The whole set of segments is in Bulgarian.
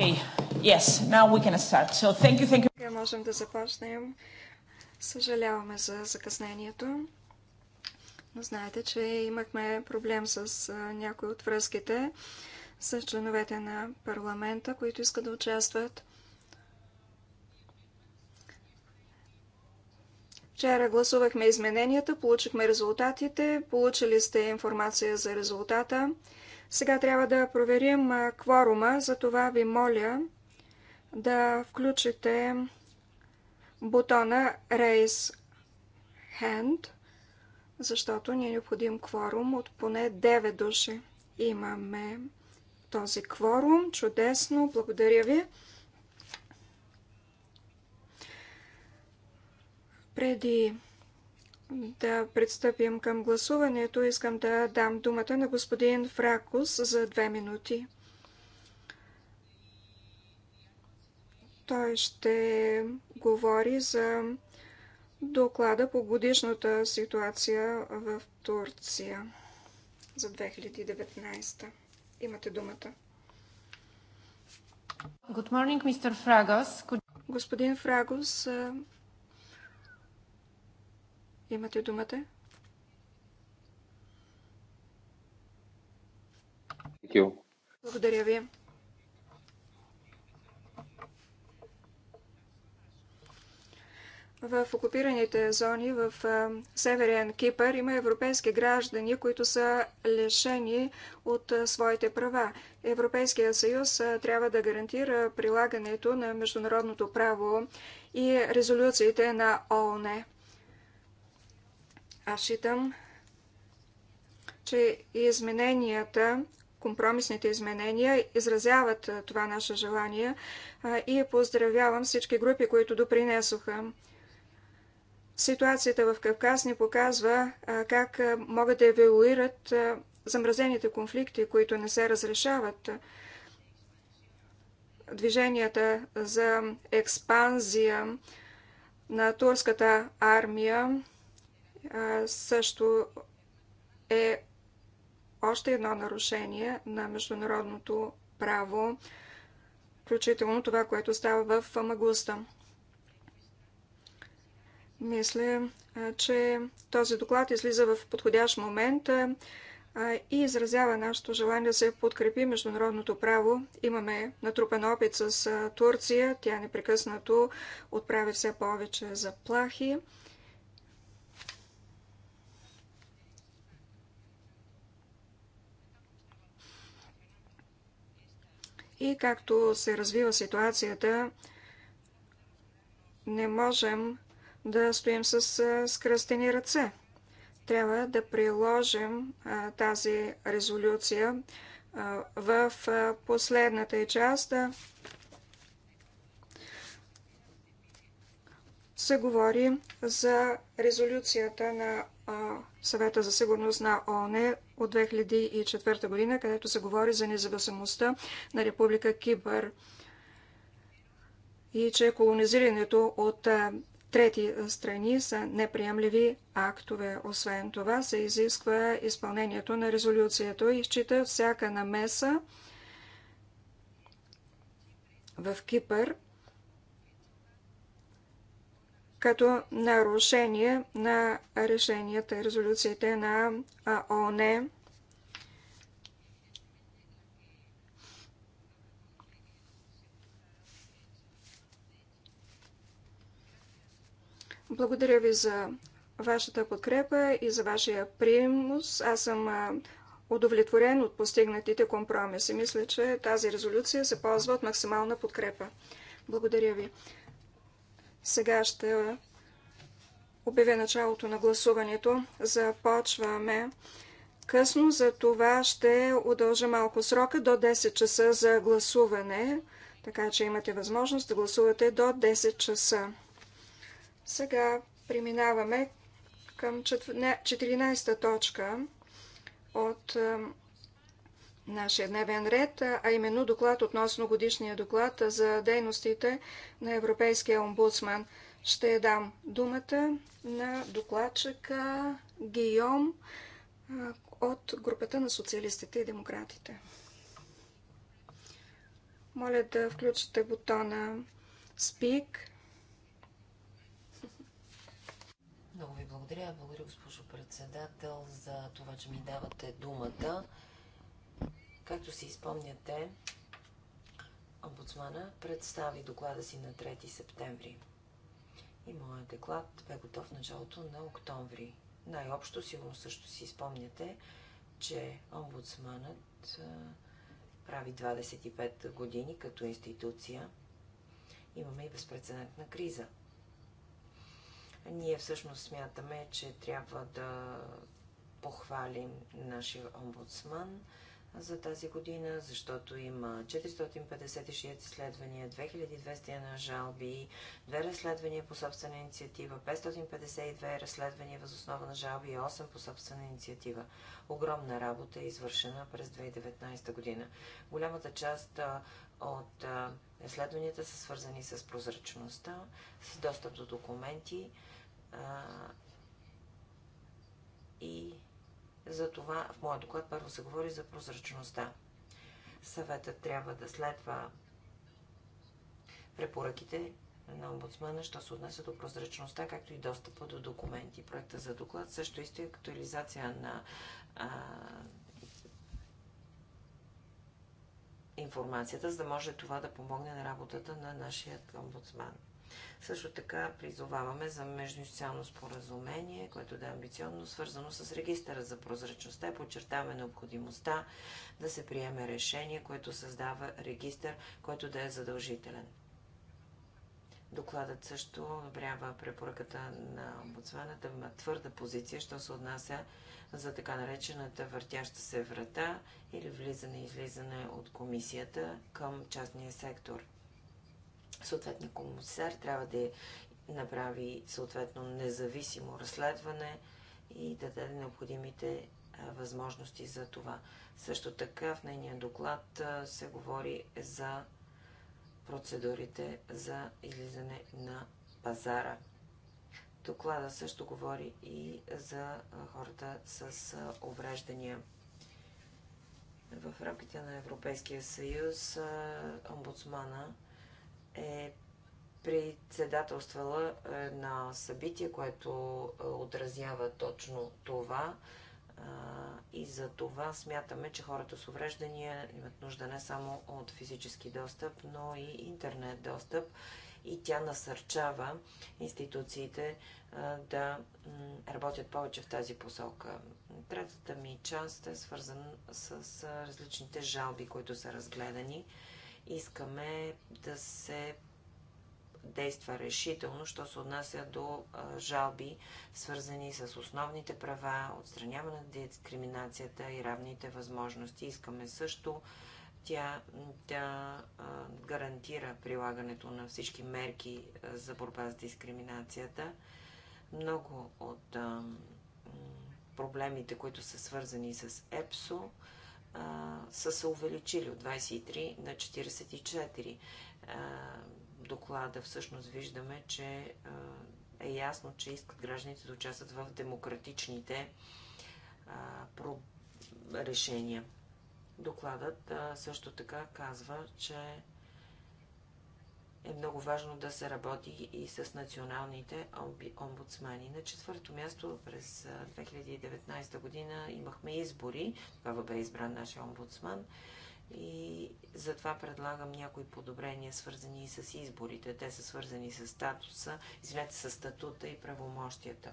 Okay. Yes, now we can start. So thank you, thank you. можем да започнем. Съжаляваме за закъснението. Но знаете, че имахме проблем с някои от връзките с членовете на парламента, които искат да участват. Вчера гласувахме измененията, получихме резултатите, получили сте информация за резултата. Сега трябва да проверим кворума, За това ви моля да включите бутона Raise Hand, защото ни е необходим кворум от поне 9 души. Имаме този кворум. Чудесно, благодаря ви. Преди да пристъпим към гласуването, искам да дам думата на господин Фракус за две минути. Той ще говори за доклада по годишната ситуация в Турция за 2019. Имате думата. Good morning, Mr. Fragos. Господин Фрагос, Имате думата. Благодаря ви. В окупираните зони в Северен Кипър има европейски граждани, които са лишени от своите права. Европейския съюз трябва да гарантира прилагането на международното право и резолюциите на ООН. Аз считам, че измененията, компромисните изменения изразяват това наше желание и поздравявам всички групи, които допринесоха. Ситуацията в Кавказ ни показва как могат да евалуират замразените конфликти, които не се разрешават. Движенията за експанзия на турската армия също е още едно нарушение на международното право, включително това, което става в Магуста. Мисля, че този доклад излиза в подходящ момент и изразява нашето желание да се подкрепи международното право. Имаме натрупан опит с Турция. Тя непрекъснато отправя все повече заплахи. И както се развива ситуацията, не можем да стоим с скръстени ръце. Трябва да приложим тази резолюция в последната част се говори за резолюцията на Съвета за сигурност на ООН от 2004 година, където се говори за независимостта на Република Кипър и че колонизирането от трети страни са неприемливи актове. Освен това се изисква изпълнението на резолюцията и счита всяка намеса в Кипър – като нарушение на решенията и резолюциите на ООН. Благодаря ви за вашата подкрепа и за вашия примус. Аз съм удовлетворен от постигнатите компромиси. Мисля, че тази резолюция се ползва от максимална подкрепа. Благодаря ви. Сега ще обявя началото на гласуването. Започваме късно, за това ще удължа малко срока до 10 часа за гласуване, така че имате възможност да гласувате до 10 часа. Сега преминаваме към 14 точка от нашия дневен ред, а именно доклад относно годишния доклад за дейностите на Европейския омбудсман. Ще дам думата на докладчика Гийом от групата на социалистите и демократите. Моля да включите бутона Speak. Много ви благодаря. Благодаря, госпожо председател, за това, че ми давате думата. Както си изпомняте, омбудсмана представи доклада си на 3 септември. И моят доклад бе готов в началото на октомври. Най-общо, сигурно също си спомняте, че омбудсманът прави 25 години като институция. Имаме и безпредседентна криза. Ние всъщност смятаме, че трябва да похвалим нашия омбудсман – за тази година, защото има 456 изследвания, на жалби, две разследвания по собствена инициатива, 552 разследвания възоснова основа на жалби и 8 по собствена инициатива. Огромна работа е извършена през 2019 година. Голямата част от изследванията са свързани с прозрачността, с достъп до документи и затова в моят доклад първо се говори за прозрачността. Съветът трябва да следва препоръките на омбудсмана, що се отнася до прозрачността, както и достъпа до документи. Проекта за доклад също исти актуализация на а, информацията, за да може това да помогне на работата на нашия омбудсман. Също така призоваваме за междуинституционално споразумение, което да е амбициозно, свързано с регистъра за прозрачността и подчертаваме необходимостта да се приеме решение, което създава регистър, който да е задължителен. Докладът също обрява препоръката на омбудсмана да има твърда позиция, що се отнася за така наречената въртяща се врата или влизане и излизане от комисията към частния сектор – Съответния комисар трябва да направи съответно независимо разследване и да даде необходимите възможности за това. Също така в нейния доклад се говори за процедурите за излизане на пазара. Доклада също говори и за хората с обреждания. В рамките на Европейския съюз омбудсмана е председателствала е, на събитие, което е, отразява точно това. И за това смятаме, че хората с увреждания имат нужда не само от физически достъп, но и интернет достъп. И тя насърчава институциите е, да работят повече в тази посока. Третата ми част е свързана с различните жалби, които са разгледани. Искаме да се действа решително, що се отнася до жалби, свързани с основните права, отстраняване на дискриминацията и равните възможности. Искаме също тя да гарантира прилагането на всички мерки за борба с дискриминацията. Много от проблемите, които са свързани с ЕПСО, а, са се увеличили от 23 на 44. А, доклада всъщност виждаме, че а, е ясно, че искат гражданите да участват в демократичните а, про... решения. Докладът а, също така казва, че е много важно да се работи и с националните омбудсмани. На четвърто място през 2019 година имахме избори. Тогава бе избран нашия омбудсман. И затова предлагам някои подобрения, свързани и с изборите. Те са свързани с статуса, извинете, с статута и правомощията.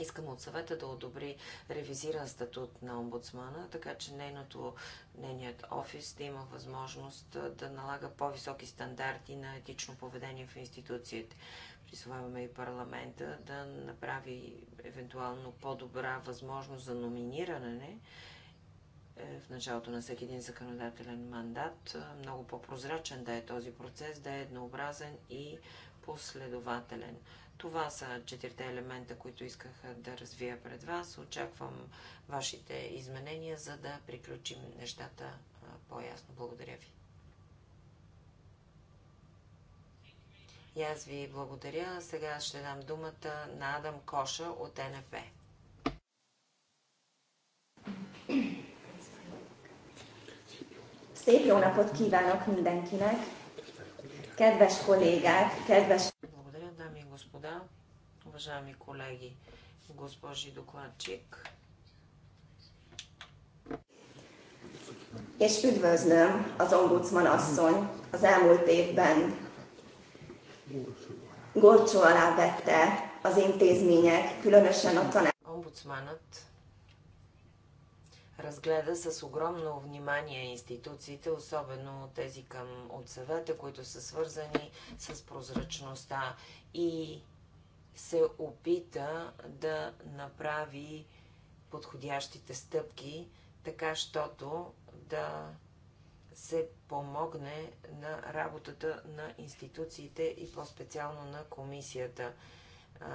Искам от съвета да одобри ревизиран статут на омбудсмана, така че нейното, нейният офис да има възможност да налага по-високи стандарти на етично поведение в институциите. Присвояваме и парламента да направи евентуално по-добра възможност за номиниране е, в началото на всеки един законодателен мандат, много по-прозрачен да е този процес, да е еднообразен и последователен. Това са четирите елемента, които исках да развия пред вас. Очаквам вашите изменения, за да приключим нещата по-ясно. Благодаря ви. И аз ви благодаря. Сега ще дам думата на Адам Коша от НФ. Szép jó napot kívánok mindenkinek! Kedves kollégák, kedves господа, уважаеми колеги, госпожи докладчик. És üdvözlöm az ombudsman asszony az elmúlt évben gorcsó alá vette az intézmények, különösen a tanár. Ombudsmanat разгледа с огромно внимание институциите, особено тези към от съвета, които са свързани с прозрачността и се опита да направи подходящите стъпки, така щото да се помогне на работата на институциите и по-специално на комисията.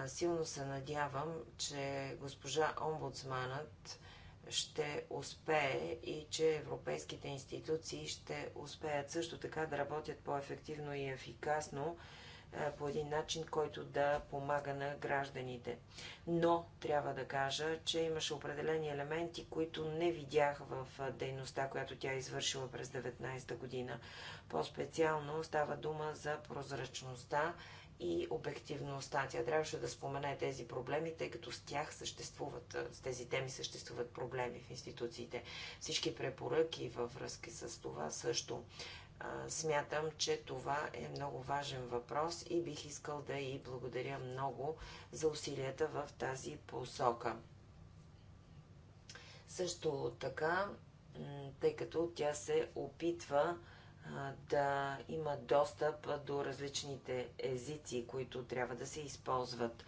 Силно се надявам, че госпожа омбудсманът ще успее и че европейските институции ще успеят също така да работят по-ефективно и ефикасно е, по един начин, който да помага на гражданите. Но трябва да кажа, че имаше определени елементи, които не видях в е, дейността, която тя е извършила през 19 година. По-специално става дума за прозрачността и обективността. Тя трябваше да спомене тези проблеми, тъй като с тях съществуват, с тези теми съществуват проблеми в институциите. Всички препоръки във връзки с това също. смятам, че това е много важен въпрос и бих искал да и благодаря много за усилията в тази посока. Също така, тъй като тя се опитва да има достъп до различните езици, които трябва да се използват.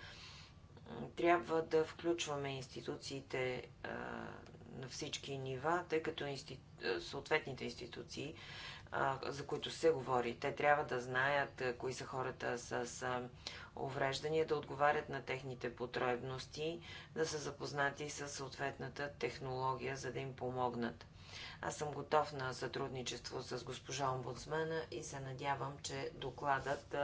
Трябва да включваме институциите на всички нива, тъй като съответните институции, за които се говори, те трябва да знаят кои са хората с увреждания, да отговарят на техните потребности, да са запознати с съответната технология, за да им помогнат. Аз съм готов на сътрудничество с госпожа омбудсмена и се надявам, че докладът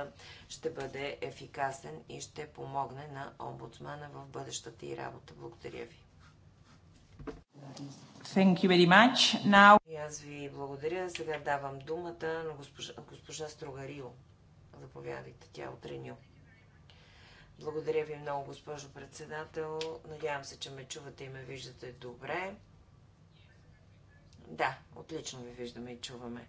ще бъде ефикасен и ще помогне на омбудсмена в бъдещата и работа. Благодаря ви. Thank you very much. Now... И аз ви благодаря. Сега давам думата на госпожа, госпожа Строгарио. Заповядайте, тя е от Реню. Благодаря ви много, госпожо председател. Надявам се, че ме чувате и ме виждате добре. Да, отлично ви виждаме и чуваме.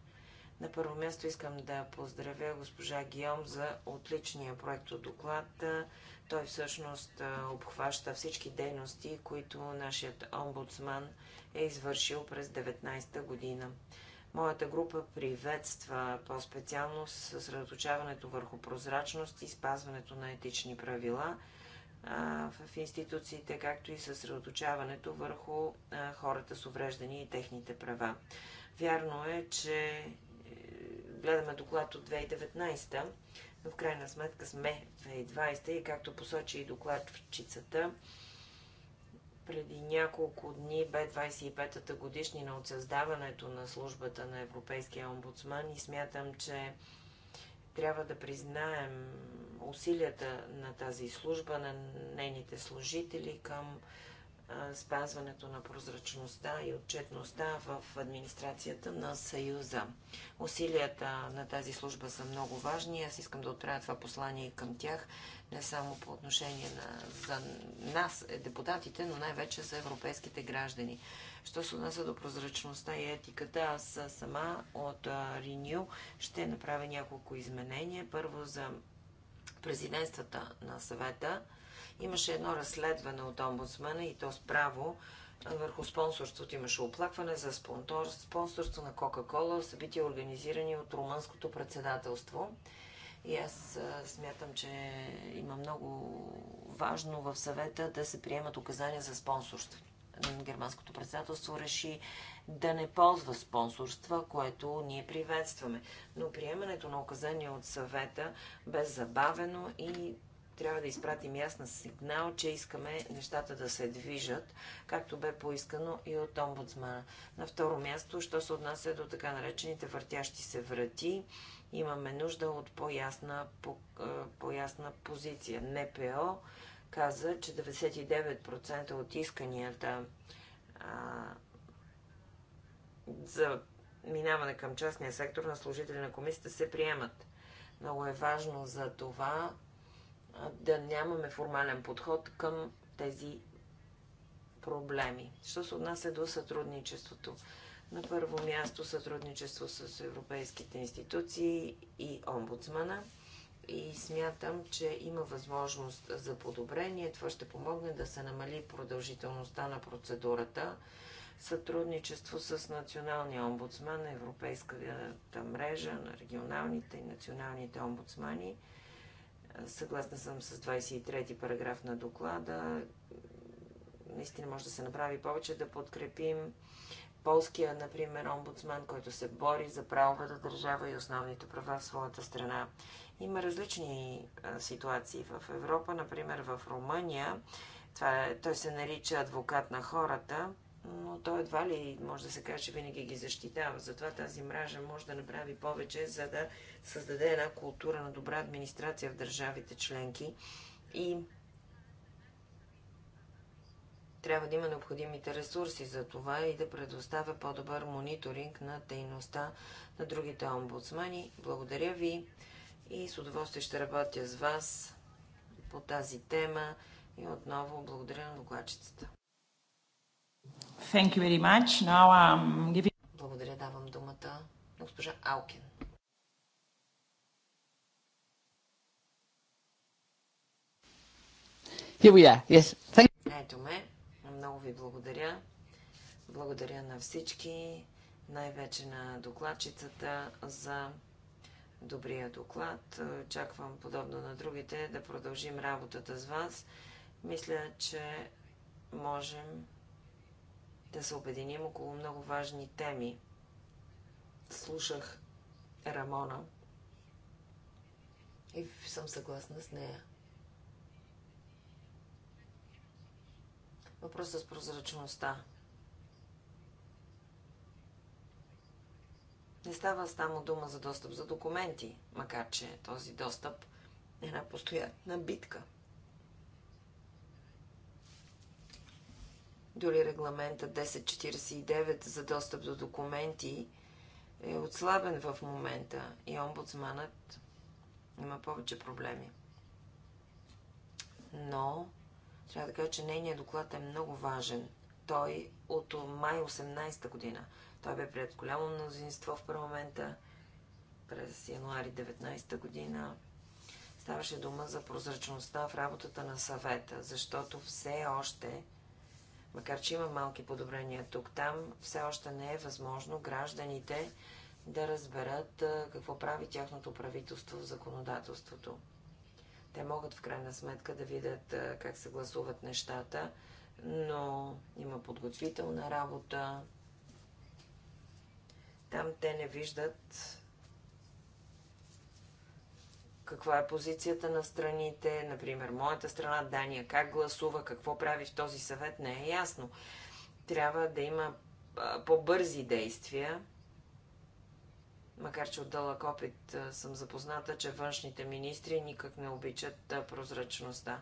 На първо място искам да поздравя госпожа Гиом за отличния проект от доклад. Той всъщност обхваща всички дейности, които нашият омбудсман е извършил през 19-та година. Моята група приветства по-специално съсредоточаването върху прозрачност и спазването на етични правила – в институциите, както и съсредоточаването върху хората с увреждания и техните права. Вярно е, че е, гледаме доклад от 2019, но в крайна сметка сме 2020 и както посочи и чицата, преди няколко дни бе 25-та годишнина от създаването на службата на Европейския омбудсман и смятам, че трябва да признаем усилията на тази служба, на нейните служители към спазването на прозрачността и отчетността в администрацията на Съюза. Усилията на тази служба са много важни. Аз искам да отправя това послание към тях, не само по отношение на за нас, е депутатите, но най-вече за европейските граждани. Що се отнася до прозрачността и етиката, аз сама от Renew ще направя няколко изменения. Първо за президентствата на съвета. Имаше едно разследване от омбудсмана и то справо върху спонсорството. Имаше оплакване за спонтор, спонсорство на Кока-Кола, събития организирани от румънското председателство. И аз смятам, че има много важно в съвета да се приемат указания за спонсорството германското председателство реши да не ползва спонсорства, което ние приветстваме. Но приемането на указания от съвета бе забавено и трябва да изпратим ясна сигнал, че искаме нещата да се движат, както бе поискано и от омбудсмана. На второ място, що се отнася до така наречените въртящи се врати, имаме нужда от по-ясна, по, е, по позиция. НПО каза, че 99% от исканията а, за минаване към частния сектор на служители на комисията се приемат. Много е важно за това да нямаме формален подход към тези проблеми. Що се отнася до сътрудничеството? На първо място сътрудничество с европейските институции и омбудсмана – и смятам, че има възможност за подобрение. Това ще помогне да се намали продължителността на процедурата. Сътрудничество с Националния омбудсман, Европейската мрежа на регионалните и националните омбудсмани. Съгласна съм с 23-ти параграф на доклада. Наистина може да се направи повече да подкрепим полския, например, омбудсман, който се бори за правовата държава и основните права в своята страна. Има различни ситуации в Европа. Например, в Румъния това е, той се нарича адвокат на хората, но той едва ли може да се каже, че винаги ги защитава. Затова тази мража може да направи повече, за да създаде една култура на добра администрация в държавите членки и трябва да има необходимите ресурси за това и да предоставя по-добър мониторинг на дейността на другите омбудсмани. Благодаря ви и с удоволствие ще работя с вас по тази тема и отново благодаря на докладчицата. Thank you very much. Now um, Благодаря, давам думата на госпожа Алкин. Here we are. Yes. Thank... Ето ме. Много ви благодаря. Благодаря на всички, най-вече на докладчицата за добрия доклад. Е, очаквам, подобно на другите, да продължим работата с вас. Мисля, че можем да се обединим около много важни теми. Слушах Рамона и съм съгласна с нея. Въпросът с прозрачността. Не става само дума за достъп за документи, макар че този достъп е една постоянна битка. Дори регламента 1049 за достъп до документи е отслабен в момента и омбудсманът има повече проблеми. Но трябва да кажа, че нейният доклад е много важен. Той от май 18 та година. Той бе пред голямо мнозинство в парламента през януари 19 година. Ставаше дума за прозрачността в работата на съвета, защото все още, макар че има малки подобрения тук-там, все още не е възможно гражданите да разберат какво прави тяхното правителство в законодателството. Те могат в крайна сметка да видят как се гласуват нещата, но има подготвителна работа, там те не виждат каква е позицията на страните, например, моята страна, Дания, как гласува, какво прави в този съвет, не е ясно. Трябва да има по-бързи действия, макар че от дълъг опит съм запозната, че външните министри никак не обичат прозрачността.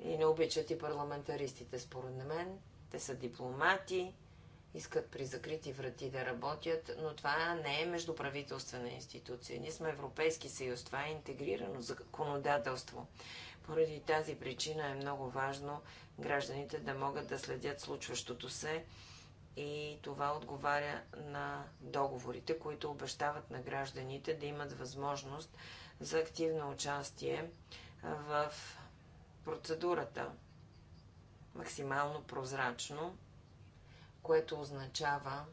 И не обичат и парламентаристите, според мен. Те са дипломати, искат при закрити врати да работят, но това не е междуправителствена институция. Ние сме Европейски съюз, това е интегрирано законодателство. Поради тази причина е много важно гражданите да могат да следят случващото се и това отговаря на договорите, които обещават на гражданите да имат възможност за активно участие в процедурата. Максимално прозрачно което означава,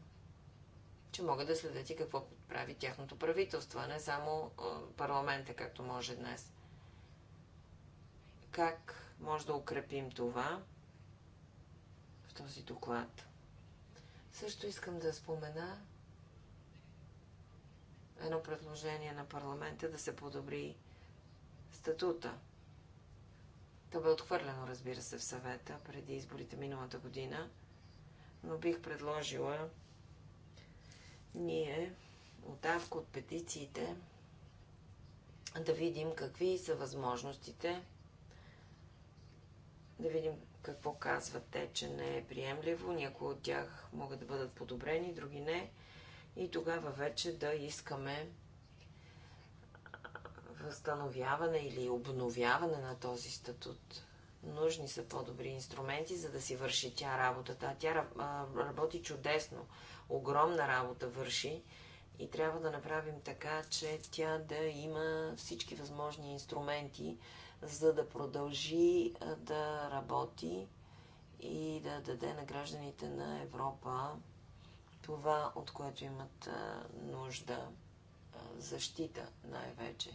че могат да следят и какво прави тяхното правителство, а не само парламента, както може днес. Как може да укрепим това в този доклад? Също искам да спомена едно предложение на парламента да се подобри статута. То бе отхвърлено, разбира се, в съвета преди изборите миналата година, но бих предложила ние от Авко, от петициите, да видим какви са възможностите, да видим какво казват те, че не е приемливо. Някои от тях могат да бъдат подобрени, други не. И тогава вече да искаме възстановяване или обновяване на този статут. Нужни са по-добри инструменти, за да си върши тя работата. А тя работи чудесно. Огромна работа върши. И трябва да направим така, че тя да има всички възможни инструменти, за да продължи да работи и да даде на гражданите на Европа това, от което имат нужда защита най-вече.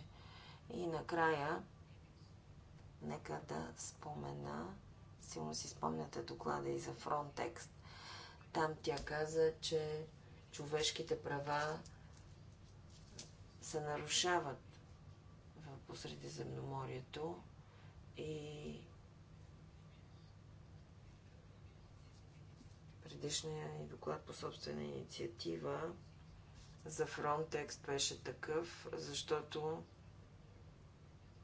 И накрая Нека да спомена, силно си спомняте доклада и за Frontex. Там тя каза, че човешките права се нарушават по Средиземноморието и предишния ни доклад по собствена инициатива за Frontex беше такъв, защото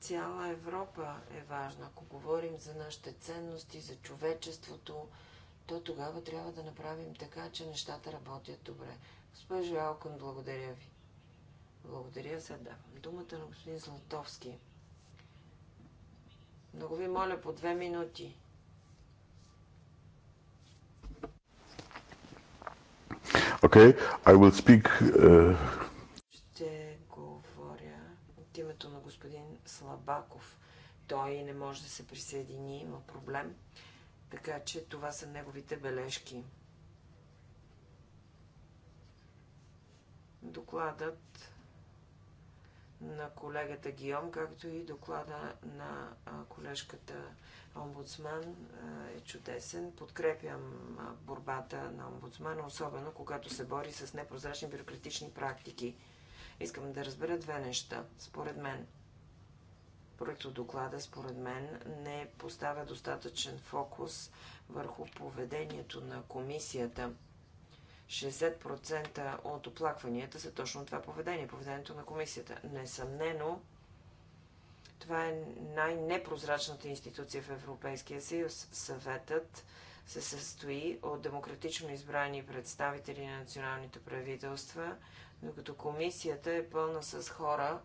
Цяла Европа е важна. Ако говорим за нашите ценности, за човечеството, то тогава трябва да направим така, че нещата работят добре. Госпожо Алкон, благодаря ви. Благодаря. Сега давам думата на господин Златовски. Много ви моля по две минути. Okay, I will speak uh, от името на господин Слабаков. Той не може да се присъедини, има проблем. Така че това са неговите бележки. Докладът на колегата Гиом, както и доклада на колежката омбудсман е чудесен. Подкрепям борбата на омбудсмана, особено когато се бори с непрозрачни бюрократични практики. Искам да разбера две неща, според мен. Проекто доклада, според мен, не поставя достатъчен фокус върху поведението на комисията. 60% от оплакванията са точно това поведение, поведението на комисията. Несъмнено, това е най-непрозрачната институция в Европейския съюз. Съветът се състои от демократично избрани представители на националните правителства, докато комисията е пълна с хора,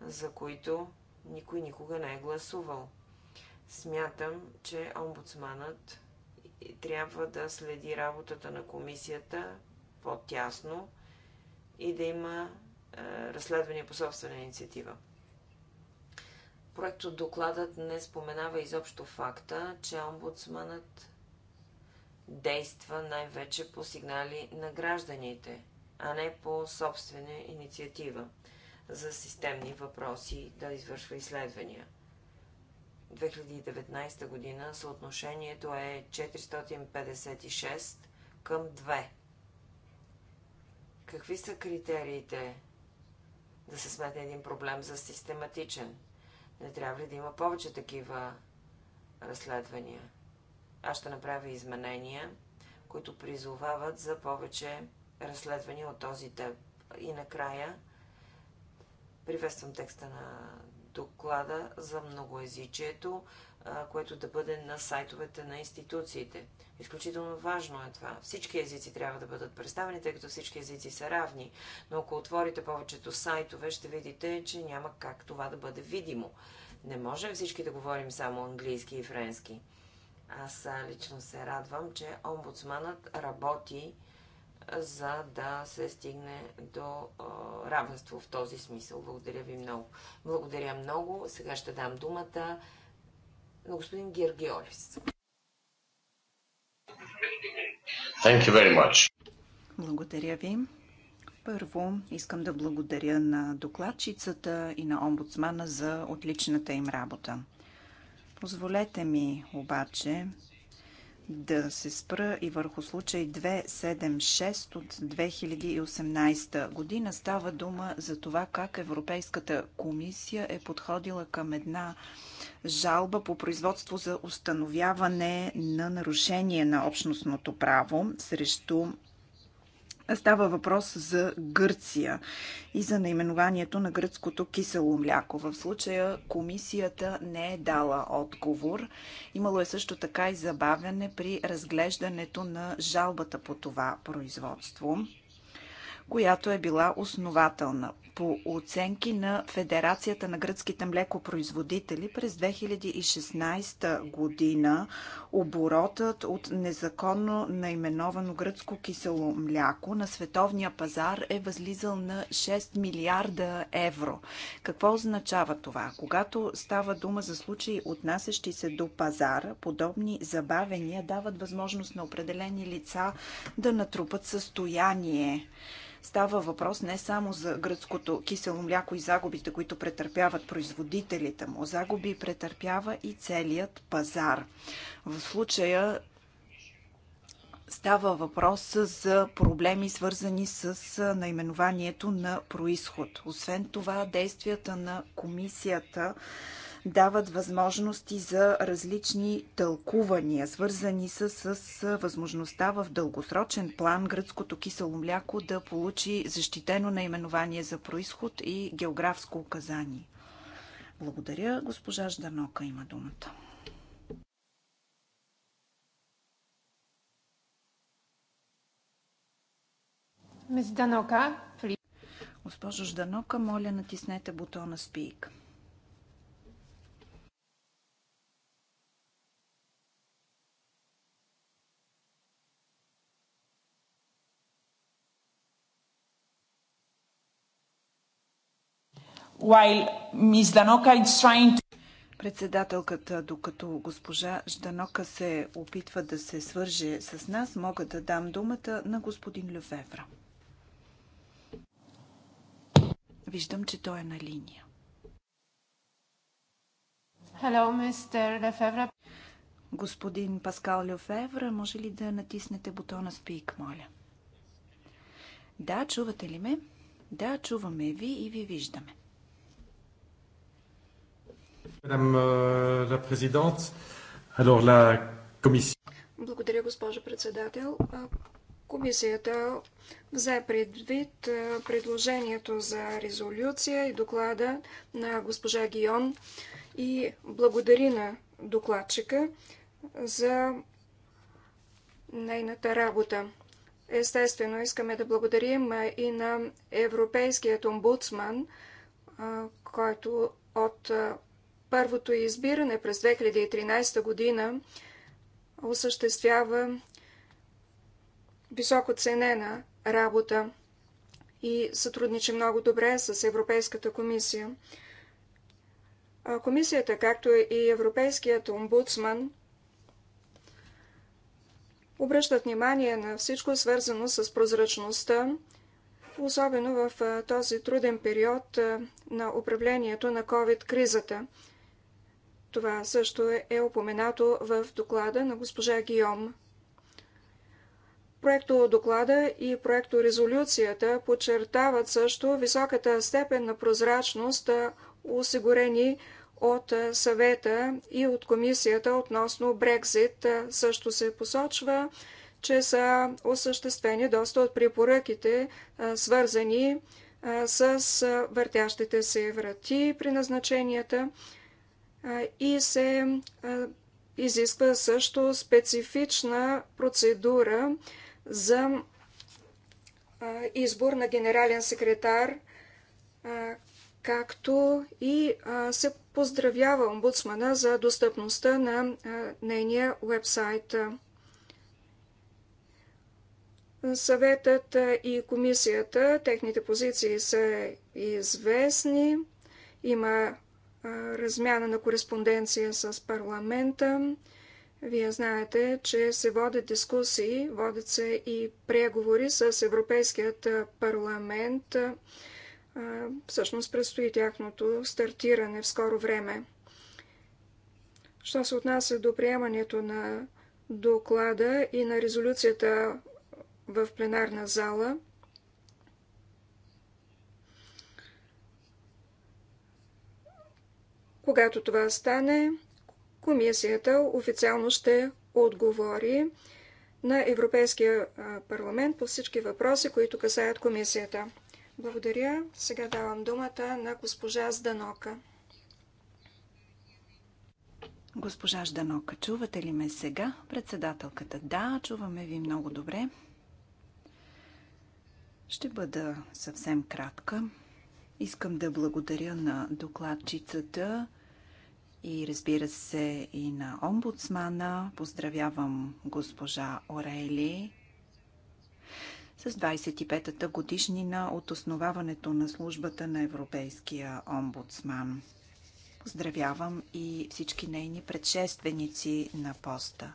за които никой никога не е гласувал. Смятам, че омбудсманът трябва да следи работата на комисията по-тясно и да има е, разследвания по собствена инициатива. Проектът докладът не споменава изобщо факта, че омбудсманът действа най-вече по сигнали на гражданите – а не по собствена инициатива за системни въпроси да извършва изследвания. 2019 година съотношението е 456 към 2. Какви са критериите да се сметне един проблем за систематичен? Не трябва ли да има повече такива разследвания? Аз ще направя изменения, които призовават за повече разследвания от този теб. И накрая приветствам текста на доклада за многоязичието, което да бъде на сайтовете на институциите. Изключително важно е това. Всички езици трябва да бъдат представени, тъй като всички езици са равни. Но ако отворите повечето сайтове, ще видите, че няма как това да бъде видимо. Не можем всички да говорим само английски и френски. Аз лично се радвам, че омбудсманът работи за да се стигне до равенство в този смисъл. Благодаря ви много. Благодаря много. Сега ще дам думата на господин Гергиолис. Thank you very much. Благодаря ви. Първо, искам да благодаря на докладчицата и на омбудсмана за отличната им работа. Позволете ми обаче да се спра и върху случай 276 от 2018 година. Става дума за това как Европейската комисия е подходила към една жалба по производство за установяване на нарушение на общностното право срещу Става въпрос за Гърция и за наименованието на гръцкото кисело мляко. В случая комисията не е дала отговор. Имало е също така и забавяне при разглеждането на жалбата по това производство която е била основателна. По оценки на Федерацията на гръцките млекопроизводители през 2016 година оборотът от незаконно наименовано гръцко кисело мляко на световния пазар е възлизал на 6 милиарда евро. Какво означава това? Когато става дума за случаи отнасящи се до пазара, подобни забавения дават възможност на определени лица да натрупат състояние. Става въпрос не само за гръцкото кисело мляко и загубите, които претърпяват производителите му. Загуби претърпява и целият пазар. В случая става въпрос за проблеми, свързани с наименованието на происход. Освен това, действията на комисията дават възможности за различни тълкувания, свързани с, с възможността в дългосрочен план гръцкото кисело мляко да получи защитено наименование за происход и географско указание. Благодаря. Госпожа Жданока има думата. Мисс Госпожо Жданока, моля натиснете бутона Speak. while Ms. Danoka is trying to Председателката, докато госпожа Жданока се опитва да се свърже с нас, мога да дам думата на господин Левевра. Виждам, че той е на линия. Hello, Mr. Лефевра. Господин Паскал Левевра, може ли да натиснете бутона Speak, моля? Да, чувате ли ме? Да, чуваме ви и ви виждаме. Euh, Благодаря, госпожо председател. Комисията взе предвид предложението за резолюция и доклада на госпожа Гион и благодари на докладчика за нейната работа. Естествено, искаме да благодарим и на Европейският омбудсман, който от Първото избиране през 2013 година осъществява високо ценена работа и сътрудничи много добре с Европейската комисия. Комисията, както и Европейският омбудсман, обръщат внимание на всичко свързано с прозрачността, особено в този труден период на управлението на COVID-кризата. Това също е, е упоменато в доклада на госпожа Гиом. Проекто доклада и проекто резолюцията подчертават също високата степен на прозрачност, осигурени от съвета и от комисията относно Брекзит. Също се посочва, че са осъществени доста от препоръките, свързани с въртящите се врати при назначенията и се изисква също специфична процедура за избор на генерален секретар, както и се поздравява омбудсмана за достъпността на нейния вебсайт. Съветът и комисията, техните позиции са известни. Има размяна на кореспонденция с парламента. Вие знаете, че се водят дискусии, водят се и преговори с Европейският парламент. Всъщност предстои тяхното стартиране в скоро време. Що се отнася до приемането на доклада и на резолюцията в пленарна зала – Когато това стане, комисията официално ще отговори на Европейския парламент по всички въпроси, които касаят комисията. Благодаря. Сега давам думата на госпожа Зданока. Госпожа Жданока, чувате ли ме сега? Председателката, да, чуваме ви много добре. Ще бъда съвсем кратка. Искам да благодаря на докладчицата и разбира се и на омбудсмана. Поздравявам госпожа Орели с 25-та годишнина от основаването на службата на Европейския омбудсман. Поздравявам и всички нейни предшественици на поста.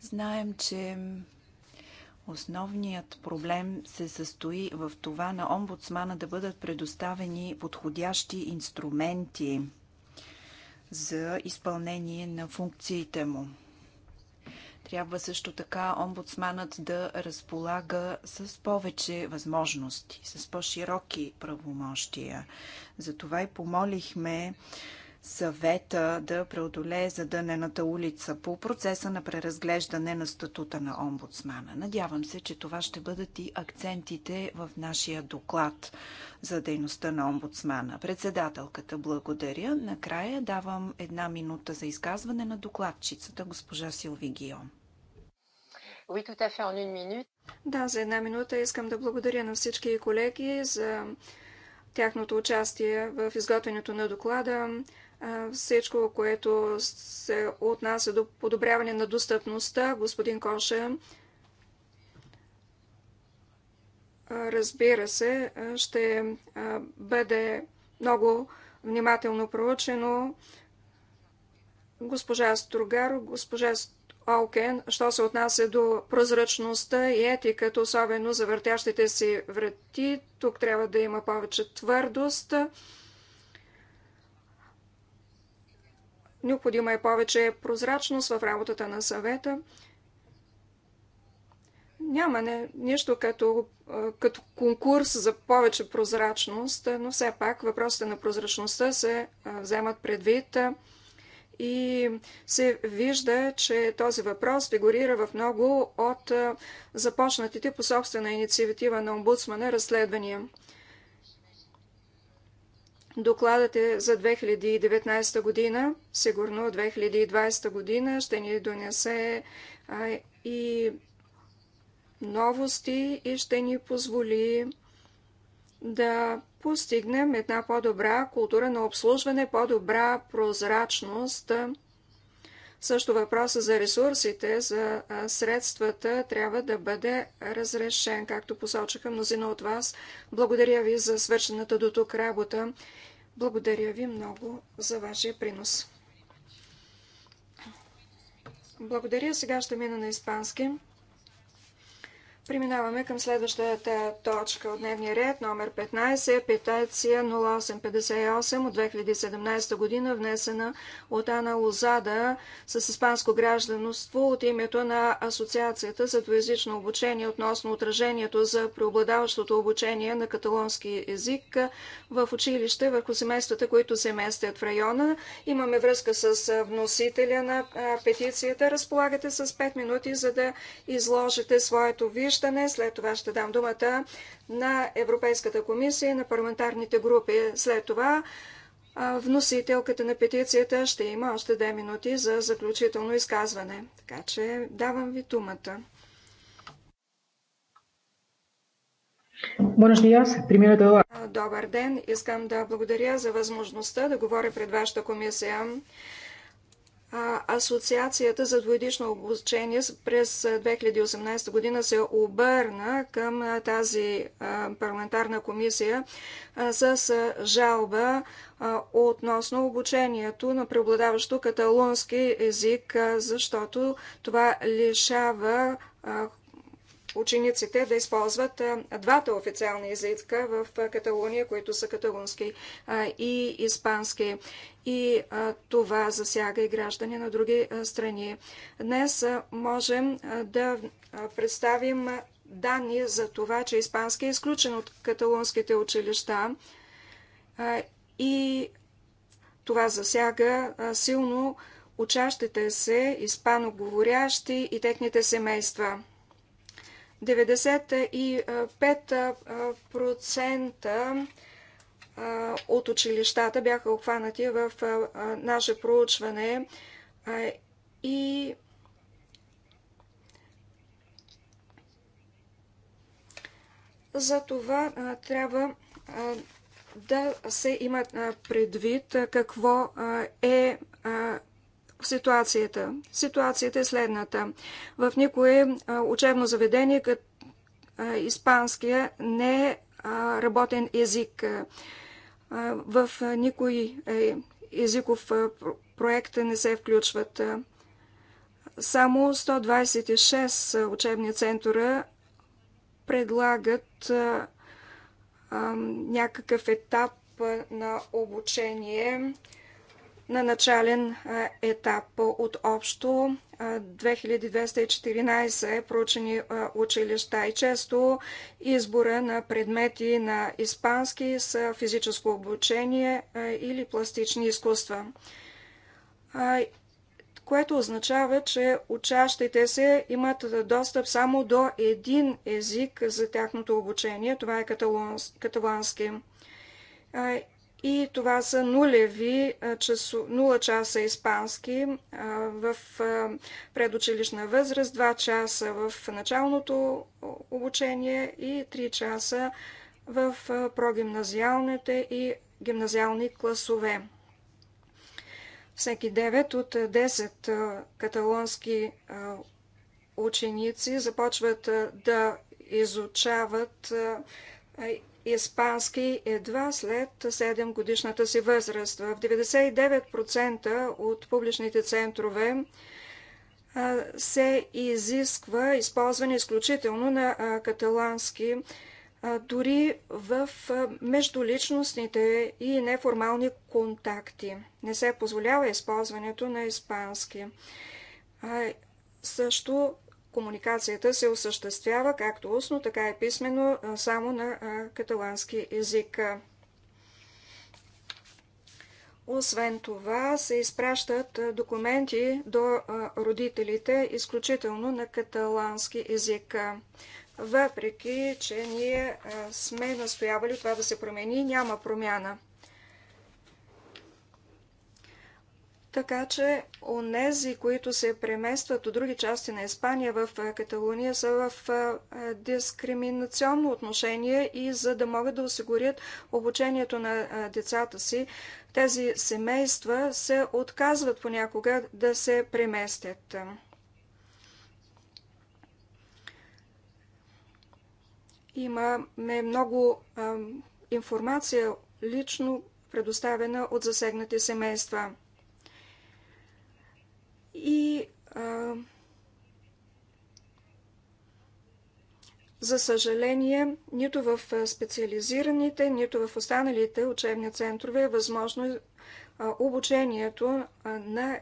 Знаем, че Основният проблем се състои в това на омбудсмана да бъдат предоставени подходящи инструменти за изпълнение на функциите му. Трябва също така омбудсманът да разполага с повече възможности, с по-широки правомощия. Затова и помолихме съвета да преодолее задънената улица по процеса на преразглеждане на статута на омбудсмана. Надявам се, че това ще бъдат и акцентите в нашия доклад за дейността на омбудсмана. Председателката благодаря. Накрая давам една минута за изказване на докладчицата госпожа Силви Гион. Oui, tout à fait, en une minute. Да, за една минута искам да благодаря на всички колеги за тяхното участие в изготвянето на доклада, всичко, което се отнася до подобряване на достъпността, господин Коша, разбира се, ще бъде много внимателно проучено. Госпожа Строгар, госпожа Олкен, що се отнася до прозрачността и етиката, особено за въртящите си врати, тук трябва да има повече твърдост. Необходима е повече прозрачност в работата на съвета. Няма не, нещо като, като конкурс за повече прозрачност, но все пак въпросите на прозрачността се вземат предвид и се вижда, че този въпрос фигурира в много от започнатите по собствена инициатива на омбудсмана разследвания. Докладът е за 2019 година. Сигурно 2020 година ще ни донесе и новости и ще ни позволи да постигнем една по-добра култура на обслужване, по-добра прозрачност. Също въпроса за ресурсите, за средствата трябва да бъде разрешен, както посочиха мнозина от вас. Благодаря ви за свършената до тук работа. Благодаря ви много за вашия принос. Благодаря. Сега ще мина на испански. Преминаваме към следващата точка от дневния ред, номер 15, петиция 0858 от 2017 година, внесена от Ана Лозада с испанско гражданство от името на Асоциацията за двоязично обучение относно отражението за преобладаващото обучение на каталонски език в училище върху семействата, които се местят в района. Имаме връзка с вносителя на петицията. Разполагате с 5 минути, за да изложите своето виждане обсъждане. След това ще дам думата на Европейската комисия и на парламентарните групи. След това вносителката на петицията ще има още 2 минути за заключително изказване. Така че давам ви думата. Добър ден! Искам да благодаря за възможността да говоря пред вашата комисия. Асоциацията за двоедишно обучение през 2018 година се обърна към тази парламентарна комисия с жалба относно обучението на преобладаващо каталунски език, защото това лишава учениците да използват двата официални езика в Каталуния, които са каталунски и испански. И това засяга и граждани на други страни. Днес можем да представим данни за това, че испански е изключен от каталунските училища и това засяга силно учащите се, испаноговорящи и техните семейства. 95% от училищата бяха обхванати в наше проучване и за това трябва да се има предвид какво е ситуацията. Ситуацията е следната. В никое учебно заведение, като испанския, не е работен език. В никой е, езиков проект не се включват. Само 126 учебни центъра предлагат някакъв етап на обучение на начален етап от общо 2214 проучени училища и често избора на предмети на испански с физическо обучение или пластични изкуства. Което означава, че учащите се имат достъп само до един език за тяхното обучение. Това е каталански и това са нулеви, нула часа испански в предучилищна възраст, 2 часа в началното обучение и 3 часа в прогимназиалните и гимназиални класове. Всеки 9 от 10 каталонски ученици започват да изучават испански едва след 7 годишната си възраст. В 99% от публичните центрове се изисква използване изключително на каталански, дори в междуличностните и неформални контакти. Не се позволява използването на испански. Също Комуникацията се осъществява както устно, така и писменно, само на каталански език. Освен това се изпращат документи до родителите изключително на каталански език. Въпреки, че ние сме настоявали това да се промени, няма промяна. Така че онези, които се преместват от други части на Испания в Каталуния, са в дискриминационно отношение и за да могат да осигурят обучението на децата си, тези семейства се отказват понякога да се преместят. Имаме много информация лично предоставена от засегнати семейства и а, за съжаление, нито в специализираните, нито в останалите учебни центрове е възможно обучението на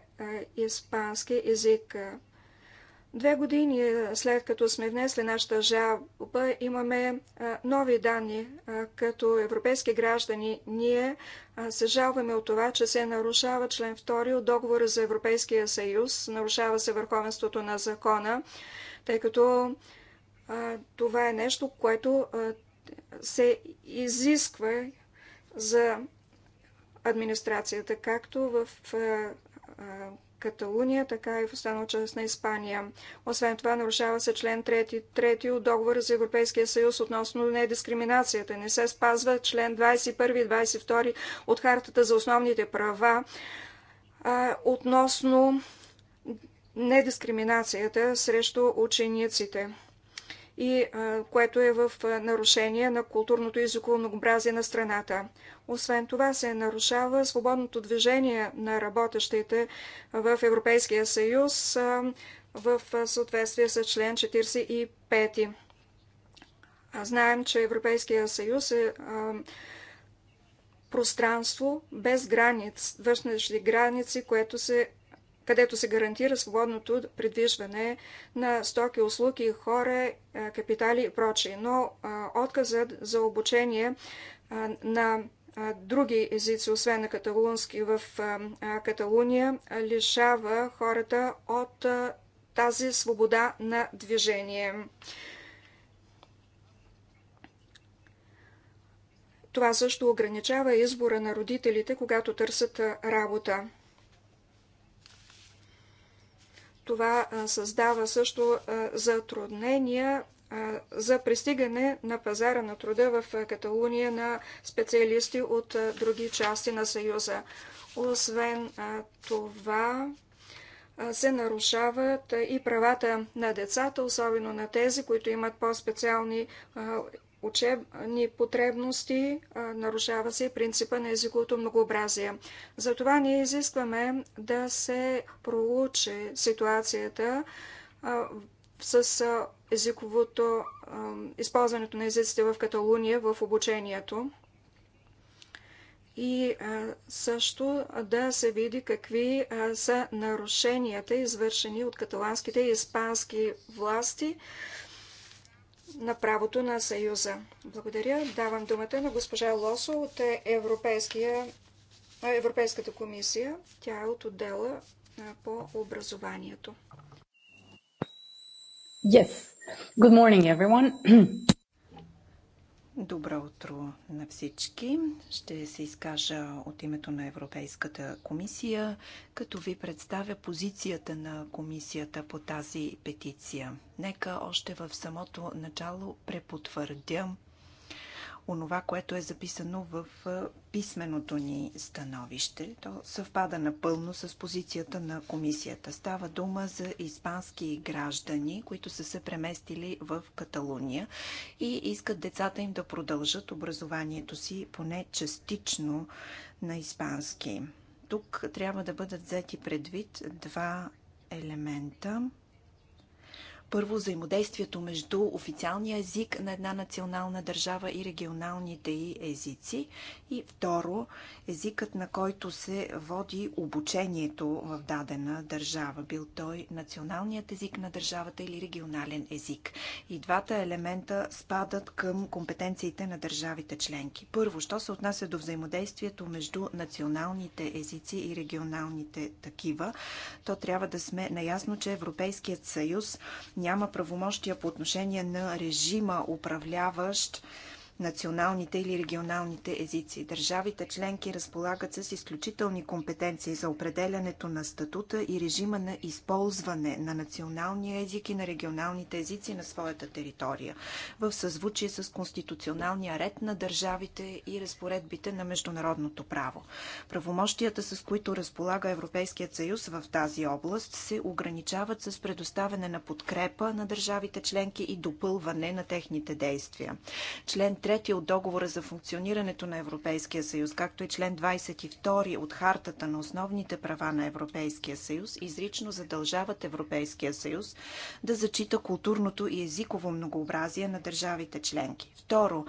испански език. Две години е, след като сме внесли нашата жалба, имаме е, нови данни. Е, като европейски граждани ние се жалваме от това, че се нарушава член 2 от договора за Европейския съюз, нарушава се върховенството на закона, тъй като това е нещо, което се изисква за администрацията, както в Каталуния, така и в останал част на Испания. Освен това, нарушава се член 3, 3 от договора за Европейския съюз относно недискриминацията. Не се спазва член 21 и 22 от Хартата за основните права а, относно недискриминацията срещу учениците и а, което е в нарушение на културното и езиково многообразие на страната. Освен това се нарушава свободното движение на работещите в Европейския съюз в съответствие с член 45. Знаем, че Европейския съюз е пространство без границ, външни граници, което се, където се гарантира свободното придвижване на стоки, услуги, хора, е, капитали и прочие. Но отказът за обучение на други езици, освен на каталунски в Каталуния, лишава хората от тази свобода на движение. Това също ограничава избора на родителите, когато търсят работа. Това създава също затруднения за пристигане на пазара на труда в Каталуния на специалисти от други части на Съюза. Освен това, се нарушават и правата на децата, особено на тези, които имат по-специални учебни потребности, нарушава се и принципа на езиковото многообразие. Затова ние изискваме да се проучи ситуацията с езиковото, използването на езиците в Каталуния в обучението и също да се види какви са нарушенията, извършени от каталанските и испански власти на правото на Съюза. Благодаря. Давам думата на госпожа Лосо от Европейския, Европейската комисия. Тя е от отдела по образованието. Yes. Good morning, everyone. Добро утро на всички. Ще се изкажа от името на Европейската комисия, като ви представя позицията на комисията по тази петиция. Нека още в самото начало препотвърдя онова, което е записано в писменото ни становище. То съвпада напълно с позицията на комисията. Става дума за испански граждани, които са се преместили в Каталуния и искат децата им да продължат образованието си поне частично на испански. Тук трябва да бъдат взети предвид два елемента. Първо, взаимодействието между официалния език на една национална държава и регионалните й езици. И второ, езикът на който се води обучението в дадена държава, бил той националният език на държавата или регионален език. И двата елемента спадат към компетенциите на държавите членки. Първо, що се отнася до взаимодействието между националните езици и регионалните такива, то трябва да сме наясно, че Европейският съюз няма правомощия по отношение на режима управляващ националните или регионалните езици. Държавите членки разполагат с изключителни компетенции за определянето на статута и режима на използване на националния език и на регионалните езици на своята територия в съзвучие с конституционалния ред на държавите и разпоредбите на международното право. Правомощията, с които разполага Европейският съюз в тази област, се ограничават с предоставяне на подкрепа на държавите членки и допълване на техните действия. Член 3 3 от договора за функционирането на Европейския съюз, както и член 22 от Хартата на основните права на Европейския съюз, изрично задължават Европейския съюз да зачита културното и езиково многообразие на държавите членки. Второ,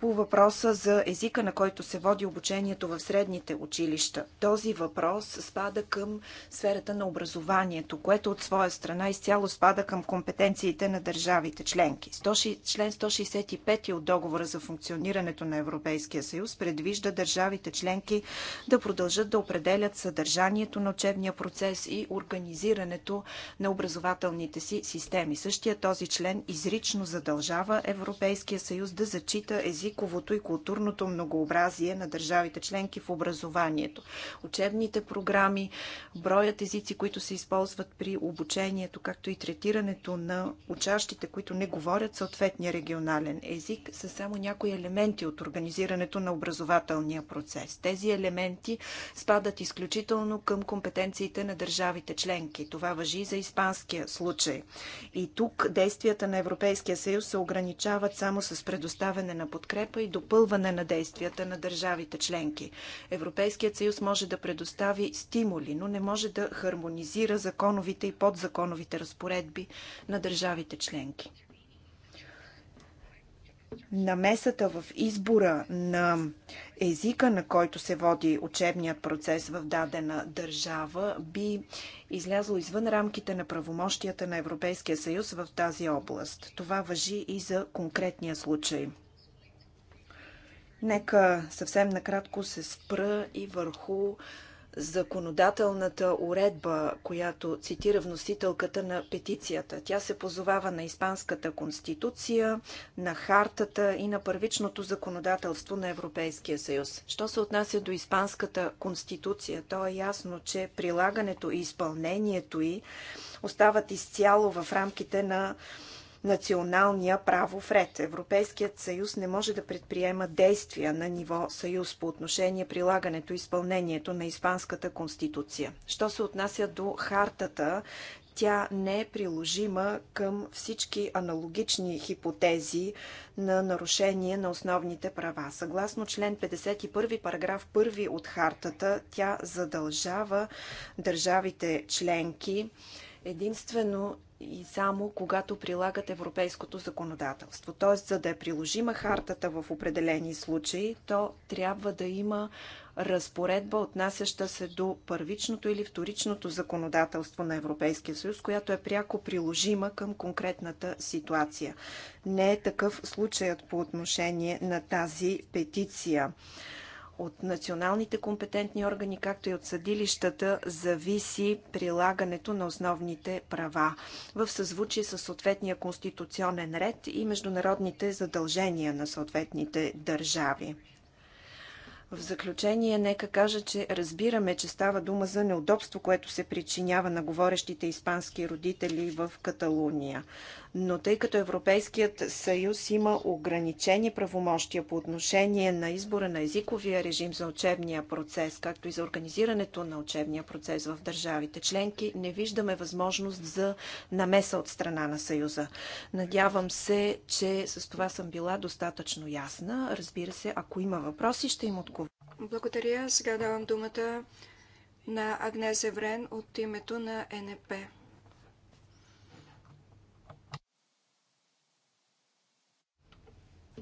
по въпроса за езика, на който се води обучението в средните училища. Този въпрос спада към сферата на образованието, което от своя страна изцяло спада към компетенциите на държавите членки. Член 165 от договора за функционирането на Европейския съюз предвижда държавите членки да продължат да определят съдържанието на учебния процес и организирането на образователните си системи. Същия този член изрично задължава Европейския съюз да зачита езика езиковото и културното многообразие на държавите членки в образованието. Учебните програми, броят езици, които се използват при обучението, както и третирането на учащите, които не говорят съответния регионален език, са само някои елементи от организирането на образователния процес. Тези елементи спадат изключително към компетенциите на държавите членки. Това въжи и за испанския случай. И тук действията на Европейския съюз се ограничават само с предоставяне на подкрепа подкрепа и допълване на действията на държавите членки. Европейският съюз може да предостави стимули, но не може да хармонизира законовите и подзаконовите разпоредби на държавите членки. Намесата в избора на езика, на който се води учебният процес в дадена държава, би излязло извън рамките на правомощията на Европейския съюз в тази област. Това въжи и за конкретния случай. Нека съвсем накратко се спра и върху законодателната уредба, която цитира вносителката на петицията. Тя се позовава на Испанската конституция, на хартата и на първичното законодателство на Европейския съюз. Що се отнася до Испанската конституция, то е ясно, че прилагането и изпълнението й остават изцяло в рамките на националния правов ред. Европейският съюз не може да предприема действия на ниво съюз по отношение прилагането и изпълнението на Испанската конституция. Що се отнася до хартата, тя не е приложима към всички аналогични хипотези на нарушение на основните права. Съгласно член 51, параграф 1 от хартата, тя задължава държавите членки единствено и само когато прилагат европейското законодателство. Тоест, за да е приложима хартата в определени случаи, то трябва да има разпоредба, отнасяща се до първичното или вторичното законодателство на Европейския съюз, която е пряко приложима към конкретната ситуация. Не е такъв случаят по отношение на тази петиция. От националните компетентни органи, както и от съдилищата, зависи прилагането на основните права в съзвучие с съответния конституционен ред и международните задължения на съответните държави. В заключение, нека кажа, че разбираме, че става дума за неудобство, което се причинява на говорещите испански родители в Каталуния но тъй като Европейският съюз има ограничени правомощия по отношение на избора на езиковия режим за учебния процес, както и за организирането на учебния процес в държавите членки, не виждаме възможност за намеса от страна на съюза. Надявам се, че с това съм била достатъчно ясна. Разбира се, ако има въпроси, ще им отговоря. Благодаря. Сега давам думата на Агнес Еврен от името на НП.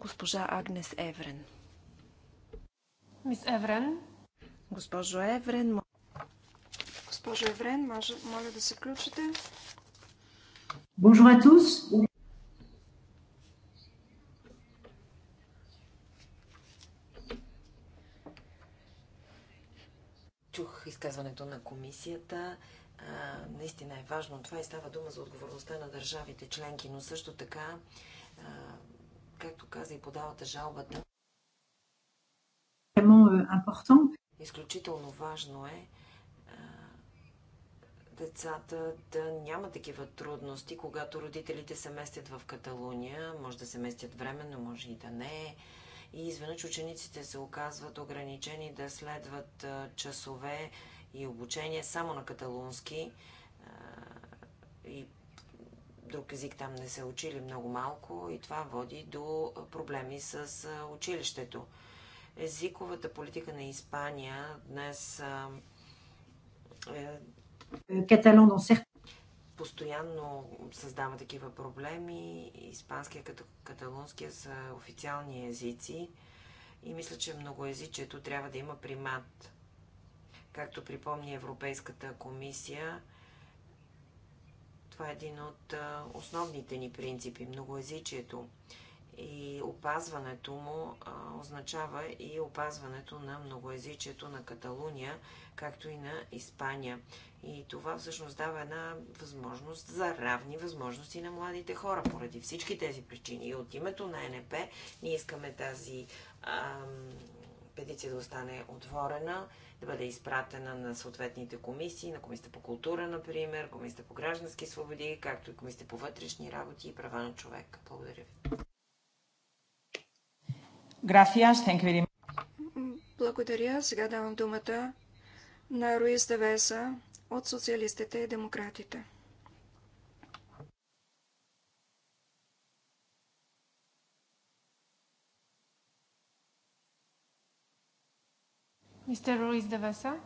госпожа Агнес Еврен. Мис Еврен. Госпожо Еврен. Госпожо Еврен, може, моля да се включите. Bonjour à tous. Чух изказването на комисията. А, наистина е важно това и става дума за отговорността на държавите членки, но също така а, както каза и подавате жалбата, euh, изключително важно е децата да няма такива трудности, когато родителите се местят в Каталуния. Може да се местят временно, може и да не. И изведнъж учениците се оказват ограничени да следват часове и обучение само на каталунски и друг език там не са учили много малко и това води до проблеми с училището. Езиковата политика на Испания днес е, постоянно създава такива проблеми. Испанския като каталонския са официални езици и мисля, че многоязичието трябва да има примат. Както припомни Европейската комисия, това е един от основните ни принципи многоязичието. И опазването му означава и опазването на многоязичието на Каталуния, както и на Испания. И това всъщност дава една възможност за равни възможности на младите хора. Поради всички тези причини и от името на НП ние искаме тази. Ам петиция да остане отворена, да бъде изпратена на съответните комисии, на Комисията по култура, например, Комисията по граждански свободи, както и Комисията по вътрешни работи и права на човек. Благодаря ви. Благодаря. Сега давам думата на Руис Девеса от Социалистите и Демократите. Mr. Ruiz de Vesa?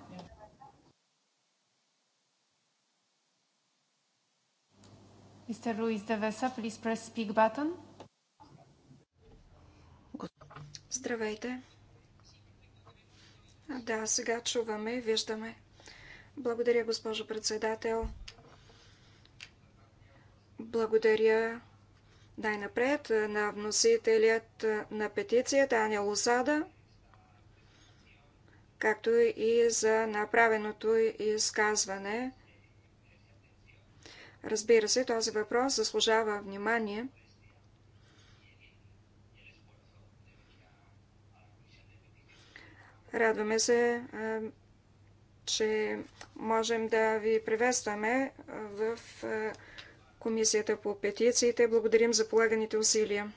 Mr. Ruiz de Vesa, please press speak button. Здравейте! Да, сега чуваме, виждаме. Благодаря, госпожо председател. Благодаря най-напред на вносителят на петицията Аня Лосада както и за направеното изказване. Разбира се, този въпрос заслужава внимание. Радваме се, че можем да ви приветстваме в Комисията по петициите. Благодарим за полаганите усилия.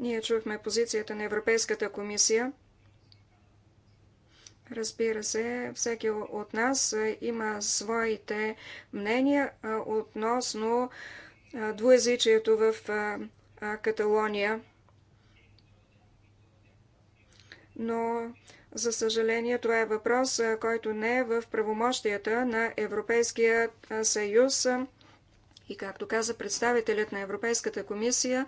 Ние чухме позицията на Европейската комисия. Разбира се, всеки от нас има своите мнения относно двуязичието в Каталония. Но, за съжаление, това е въпрос, който не е в правомощията на Европейския съюз. И както каза представителят на Европейската комисия,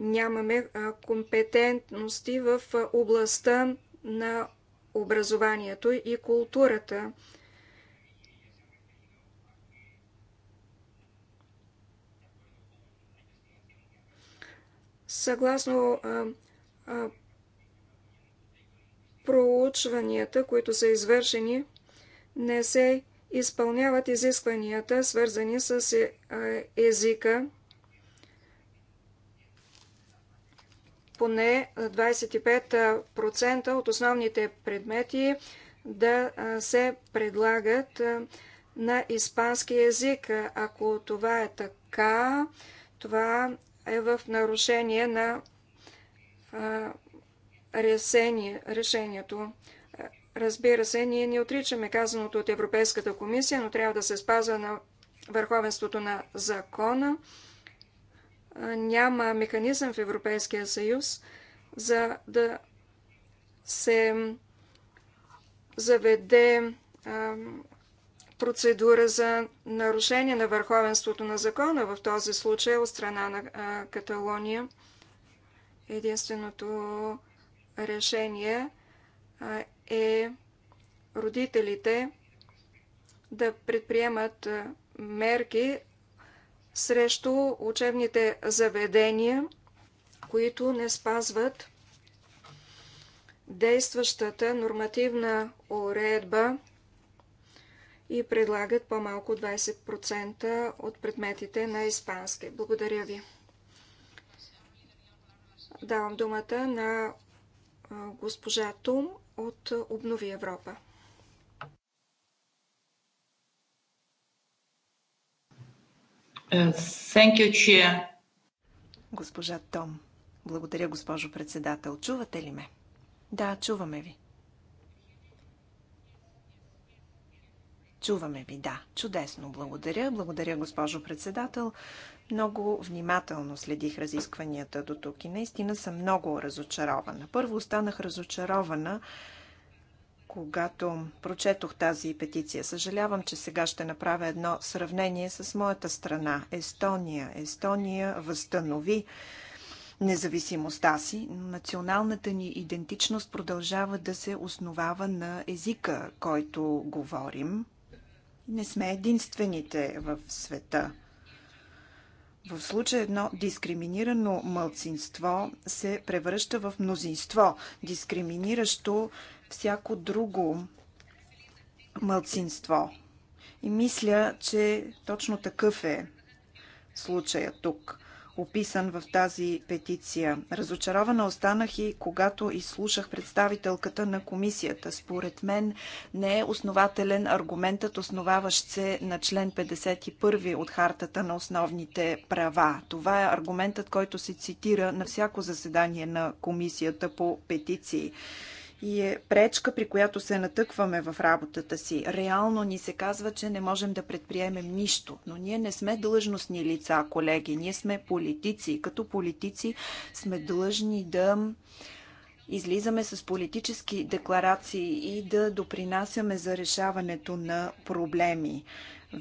нямаме компетентности в областта на образованието и културата. Съгласно а, а, проучванията, които са извършени, не се изпълняват изискванията, свързани с е, езика поне 25% от основните предмети да се предлагат на испански язик. Ако това е така, това е в нарушение на решението. Разбира се, ние не отричаме казаното от Европейската комисия, но трябва да се спазва на върховенството на закона няма механизъм в Европейския съюз, за да се заведе процедура за нарушение на върховенството на закона в този случай от страна на Каталония. Единственото решение е родителите да предприемат мерки срещу учебните заведения, които не спазват действащата нормативна уредба и предлагат по-малко 20% от предметите на испански. Благодаря ви. Давам думата на госпожа Тум от Обнови Европа. Thank you, Chair. Госпожа Том. Благодаря, госпожо председател. Чувате ли ме? Да, чуваме ви. Чуваме ви, да. Чудесно. Благодаря. Благодаря, госпожо председател. Много внимателно следих разискванията до тук и наистина съм много разочарована. Първо останах разочарована, когато прочетох тази петиция. Съжалявам, че сега ще направя едно сравнение с моята страна Естония. Естония възстанови независимостта си. Националната ни идентичност продължава да се основава на езика, който говорим. Не сме единствените в света. В случая едно дискриминирано мълцинство се превръща в мнозинство, дискриминиращо всяко друго мълцинство. И мисля, че точно такъв е случая тук, описан в тази петиция. Разочарована останах и когато изслушах представителката на комисията. Според мен не е основателен аргументът, основаващ се на член 51 от Хартата на основните права. Това е аргументът, който се цитира на всяко заседание на комисията по петиции и е пречка, при която се натъкваме в работата си. Реално ни се казва, че не можем да предприемем нищо, но ние не сме длъжностни лица, колеги. Ние сме политици. Като политици сме длъжни да излизаме с политически декларации и да допринасяме за решаването на проблеми.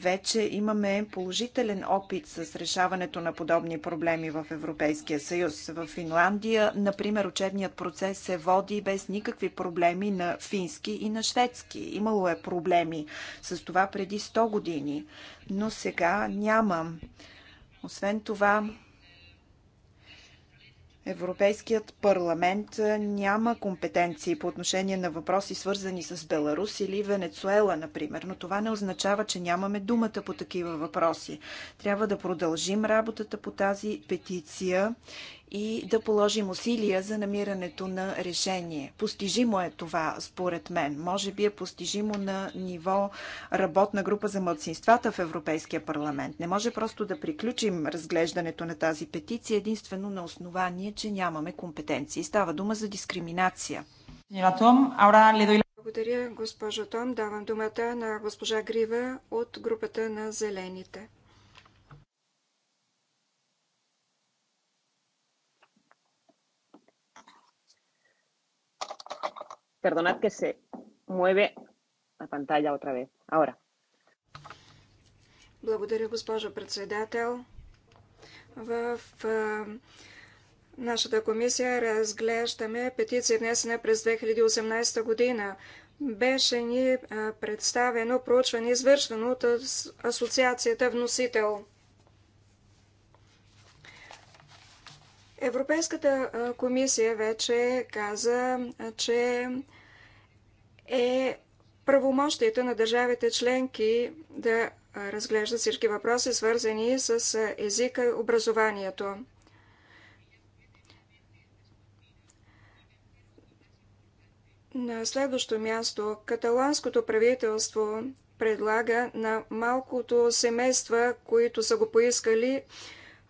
Вече имаме положителен опит с решаването на подобни проблеми в Европейския съюз. В Финландия, например, учебният процес се води без никакви проблеми на фински и на шведски. Имало е проблеми с това преди 100 години, но сега няма. Освен това, Европейският парламент няма компетенции по отношение на въпроси свързани с Беларус или Венецуела, например, но това не означава, че нямаме думата по такива въпроси. Трябва да продължим работата по тази петиция и да положим усилия за намирането на решение. Постижимо е това, според мен. Може би е постижимо на ниво работна група за младсинствата в Европейския парламент. Не може просто да приключим разглеждането на тази петиция единствено на основание, че нямаме компетенции. Става дума за дискриминация. Благодаря, госпожо Том. Давам думата на госпожа Грива от групата на Зелените. Perdonad que se mueve la pantalla otra vez. Ahora. Благодаря, госпожо председател. В э, нашата комисия разглеждаме петиция внесена през 2018 година. Беше ни э, представено проучване, извършвано от асоциацията вносител. Европейската комисия вече каза, че е правомощията на държавите членки да разглеждат всички въпроси, свързани с езика и образованието. На следващо място, каталанското правителство предлага на малкото семейства, които са го поискали,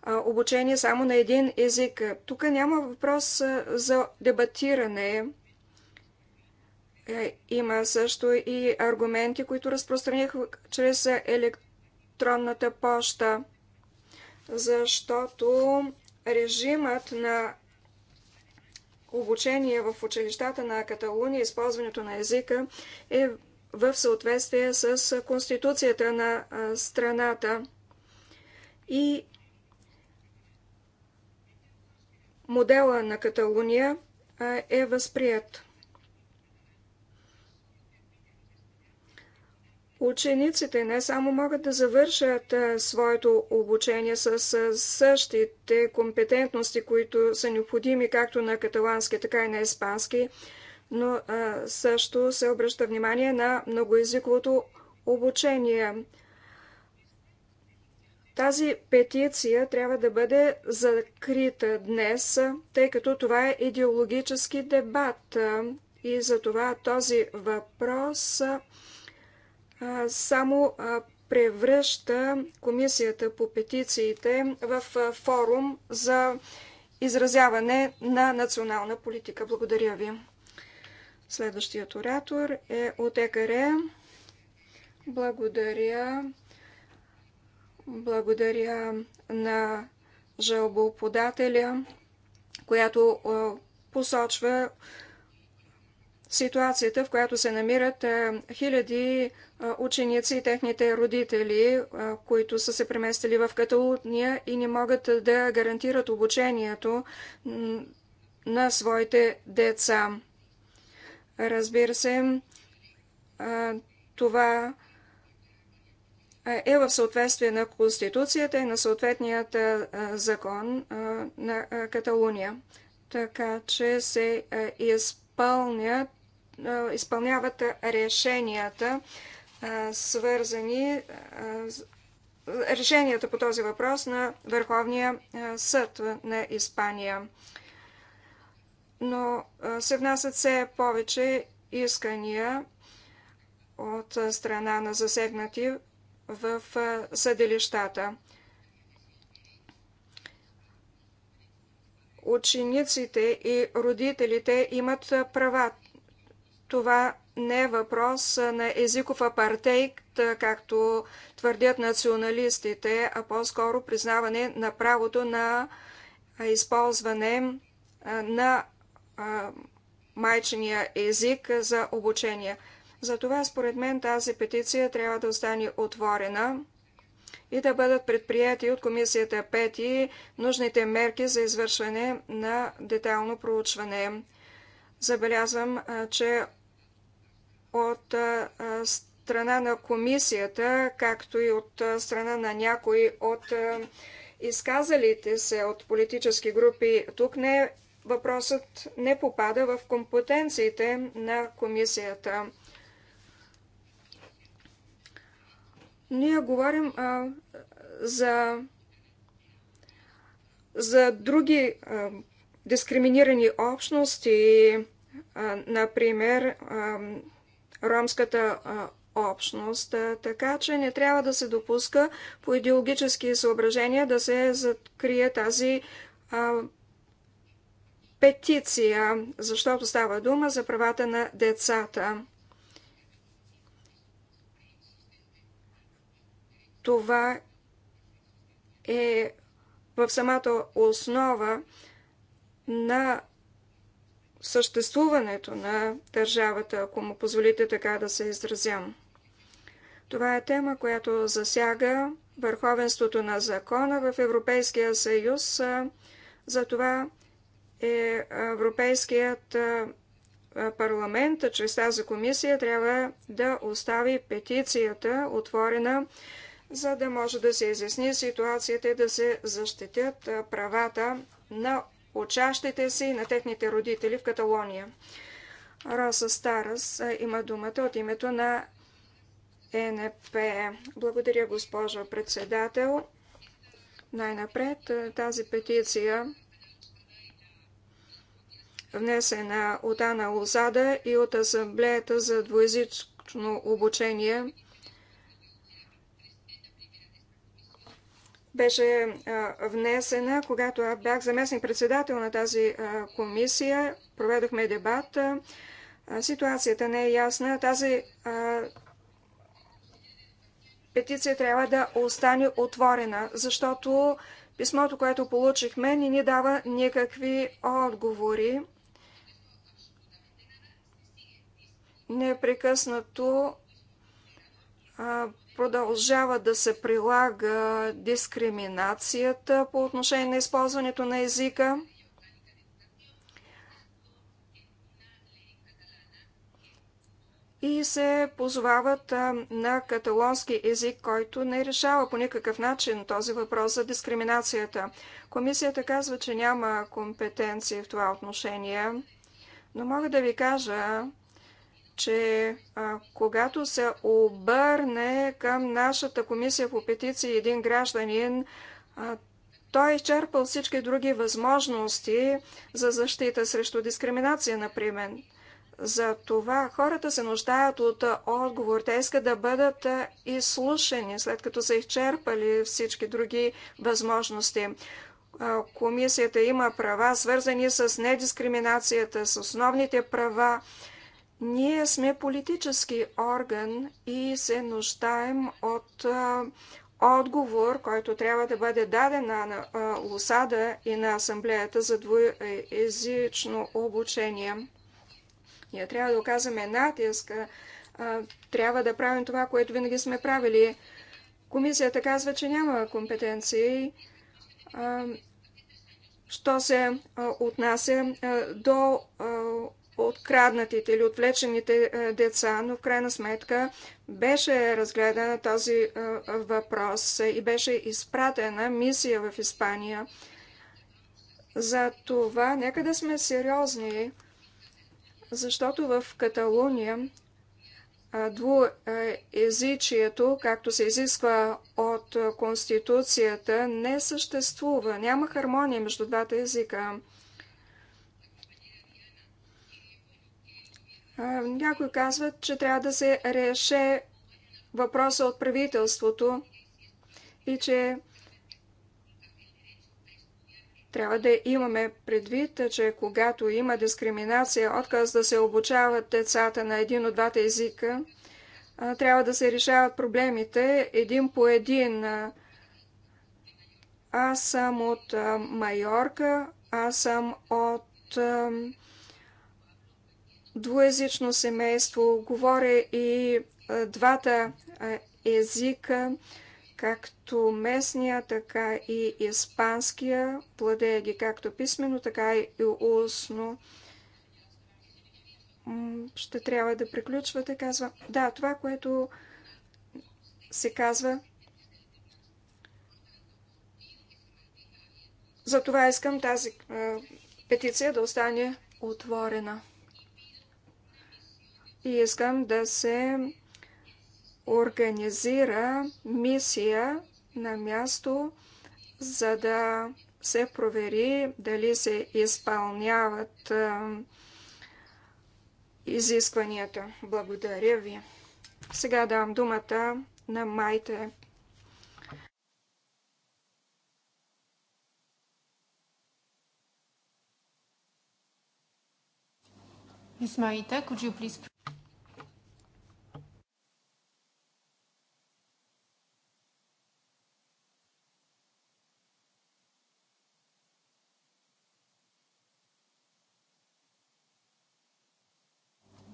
обучение само на един език. Тук няма въпрос за дебатиране. Е, има също и аргументи, които разпространих чрез електронната поща, защото режимът на обучение в училищата на Каталуния, използването на езика е в съответствие с Конституцията на страната. И модела на Каталуния е възприят. Учениците не само могат да завършат своето обучение с същите компетентности, които са необходими както на каталански, така и на испански, но също се обръща внимание на многоязиковото обучение. Тази петиция трябва да бъде закрита днес, тъй като това е идеологически дебат и за това този въпрос само превръща Комисията по петициите в форум за изразяване на национална политика. Благодаря ви. Следващият оратор е от ЕКР. Благодаря. Благодаря на жалбоподателя, която посочва ситуацията, в която се намират хиляди ученици и техните родители, които са се преместили в Каталуния и не могат да гарантират обучението на своите деца. Разбира се, това е в съответствие на Конституцията и на съответният закон на Каталуния. Така че се изпълнят, изпълняват решенията, свързани решенията по този въпрос на Върховния съд на Испания. Но се внасят все повече искания от страна на засегнати в съдилищата. Учениците и родителите имат права. Това не е въпрос на езиков апартейт, както твърдят националистите, а по-скоро признаване на правото на използване на майчиния език за обучение. Затова, според мен, тази петиция трябва да остане отворена и да бъдат предприяти от комисията пети нужните мерки за извършване на детайлно проучване. Забелязвам, че от страна на комисията, както и от страна на някои от изказалите се от политически групи, тук не, въпросът не попада в компетенциите на комисията. Ние говорим а, за, за други а, дискриминирани общности, а, например а, ромската а, общност, така че не трябва да се допуска по идеологически съображения да се закрие тази а, петиция, защото става дума за правата на децата. Това е в самата основа на съществуването на държавата, ако му позволите така да се изразям. Това е тема, която засяга върховенството на закона в Европейския съюз. Затова е Европейският парламент, чрез тази комисия, трябва да остави петицията отворена за да може да се изясни ситуацията и да се защитят правата на учащите се и на техните родители в Каталония. Роса Старас има думата от името на ЕНП. Е. Благодаря, госпожо председател. Най-напред тази петиция внесена от Ана Лозада и от Асамблеята за двоязично обучение беше внесена, когато бях заместник председател на тази комисия. Проведохме дебат. Ситуацията не е ясна. Тази петиция трябва да остане отворена, защото писмото, което получихме, не ни дава никакви отговори. Непрекъснато Продължава да се прилага дискриминацията по отношение на използването на езика. и се позовават на каталонски език, който не решава по никакъв начин този въпрос за дискриминацията. Комисията казва, че няма компетенции в това отношение, но мога да ви кажа, че а, когато се обърне към нашата комисия по петиции един гражданин, а, той е изчерпал всички други възможности за защита срещу дискриминация, например. За това хората се нуждаят от отговор. Те искат да бъдат изслушани, след като са изчерпали всички други възможности. Комисията има права, свързани с недискриминацията, с основните права ние сме политически орган и се нуждаем от отговор, който трябва да бъде даден на Лосада и на Асамблеята за двуезично обучение. Ние трябва да оказваме натиска, трябва да правим това, което винаги сме правили. Комисията казва, че няма компетенции. Що се отнася до откраднатите или отвлечените е, деца, но в крайна сметка беше разгледан този е, въпрос и беше изпратена мисия в Испания. За това нека да сме сериозни, защото в Каталуния е, двуезичието, както се изисква от Конституцията, не съществува. Няма хармония между двата езика. Някои казват, че трябва да се реше въпроса от правителството и че трябва да имаме предвид, че когато има дискриминация, отказ да се обучават децата на един от двата езика, трябва да се решават проблемите един по един. Аз съм от Майорка, аз съм от двуязично семейство, говоря и двата езика, както местния, така и испанския, владея ги както писменно, така и устно. Ще трябва да приключвате, казва. Да, това, което се казва. Затова искам тази петиция да остане отворена и искам да се организира мисия на място, за да се провери дали се изпълняват изискванията. Благодаря ви. Сега давам думата на Майте Ms. Maita, could you please?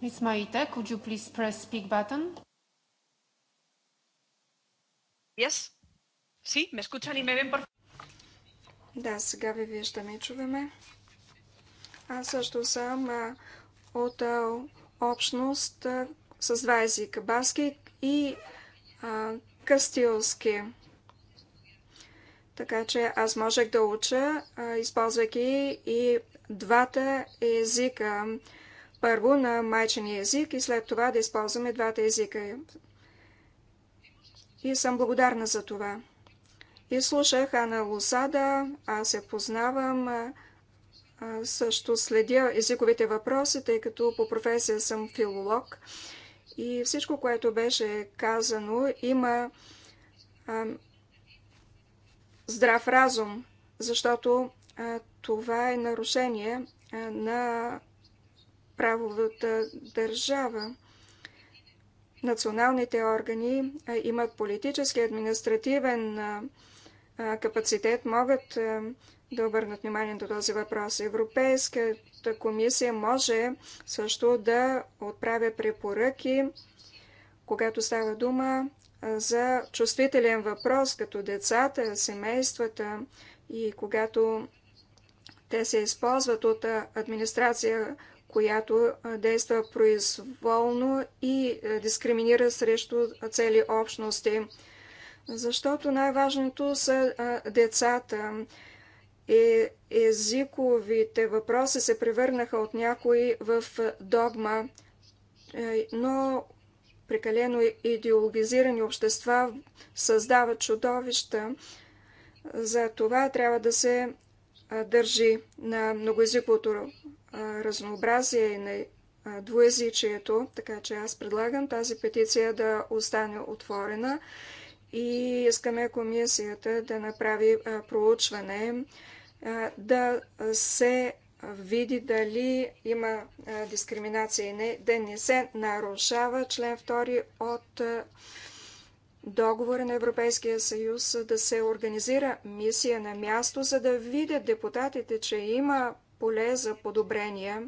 Ms. Maita, could you please press speak button? Yes. Sí, me escuchan y me ven por Да, сега ви виждаме и чуваме. Аз също съм от общност с два езика – баски и кастилски. Така че аз можех да уча, използвайки и двата езика. Първо на майчения език и след това да използваме двата езика. И съм благодарна за това. И слушах Ана Лусада, аз я познавам, също следя езиковите въпроси, тъй като по професия съм филолог. И всичко, което беше казано, има а, здрав разум, защото а, това е нарушение а, на правовата държава. Националните органи а, имат политически, административен а, капацитет, могат а, да обърнат внимание на този въпрос. Европейската комисия може също да отправя препоръки, когато става дума за чувствителен въпрос, като децата, семействата и когато те се използват от администрация, която действа произволно и дискриминира срещу цели общности. Защото най-важното са децата е, езиковите въпроси се превърнаха от някои в е, догма, е, но прекалено идеологизирани общества създават чудовища. За това трябва да се е, държи на многоязиковото разнообразие и на двуязичието, така че аз предлагам тази петиция да остане отворена и искаме комисията да направи проучване е, да се види дали има е, дискриминация и не, да не се нарушава член 2 от е, договора на Европейския съюз, да се организира мисия на място, за да видят депутатите, че има поле за подобрение.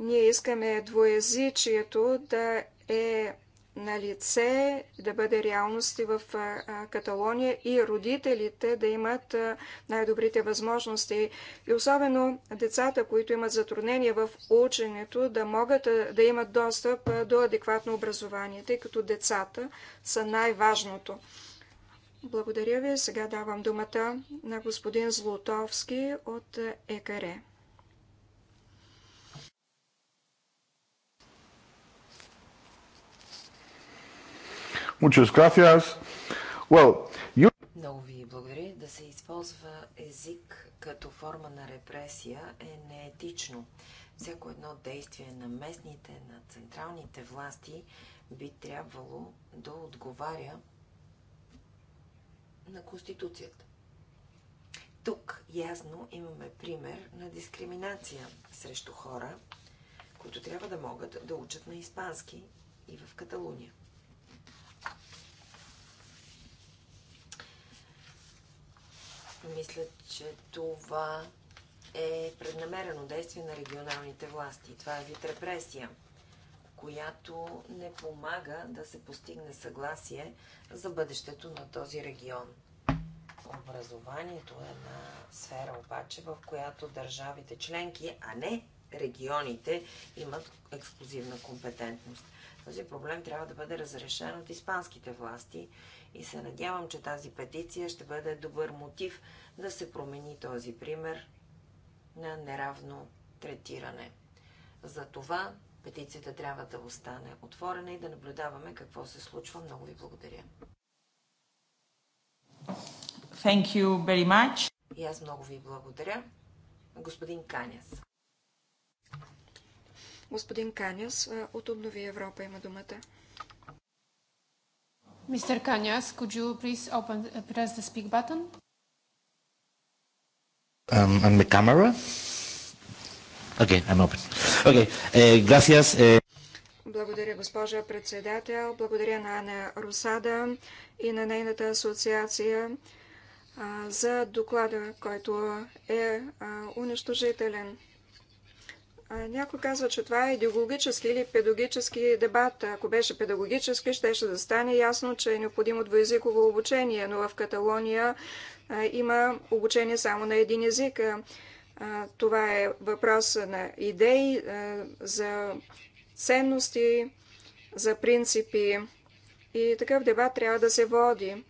Ние искаме двоязичието да е на лице да бъде реалност в Каталония и родителите да имат най-добрите възможности. И особено децата, които имат затруднения в ученето, да могат да имат достъп до адекватно образование, тъй като децата са най-важното. Благодаря ви. Сега давам думата на господин Злотовски от ЕКАРЕ. Muchas gracias. Well, you... Много ви благодаря. Да се използва език като форма на репресия е неетично. Всяко едно действие на местните, на централните власти би трябвало да отговаря на Конституцията. Тук ясно имаме пример на дискриминация срещу хора, които трябва да могат да учат на испански и в Каталуния. Мисля, че това е преднамерено действие на регионалните власти. Това е вид репресия, която не помага да се постигне съгласие за бъдещето на този регион. Образованието е една сфера обаче, в която държавите членки, а не регионите, имат ексклюзивна компетентност. Този проблем трябва да бъде разрешен от испанските власти и се надявам, че тази петиция ще бъде добър мотив да се промени този пример на неравно третиране. За това петицията трябва да остане отворена и да наблюдаваме какво се случва. Много ви благодаря. Thank you very much. И аз много ви благодаря. Господин Каняс. Господин Каняс от Обнови Европа има думата. Mr. Kanyas, could you please open, uh, press the speak button? Um, and the camera? Okay, I'm open. Okay, uh, gracias. Uh... Благодаря, госпожа председател. Благодаря на Ана Русада и на нейната асоциация а, за доклада, който е а, унищожителен. Някой казва, че това е идеологически или педагогически дебат. Ако беше педагогически, щеше да стане ясно, че е необходимо двоязиково обучение, но в Каталония има обучение само на един език. Това е въпрос на идеи, за ценности, за принципи. И такъв дебат трябва да се води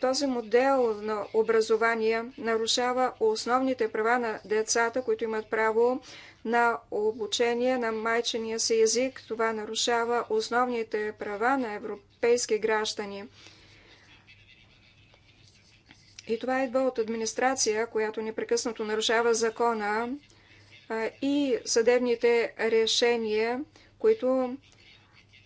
този модел на образование нарушава основните права на децата, които имат право на обучение на майчения си език. Това нарушава основните права на европейски граждани. И това е идва от администрация, която непрекъснато нарушава закона и съдебните решения, които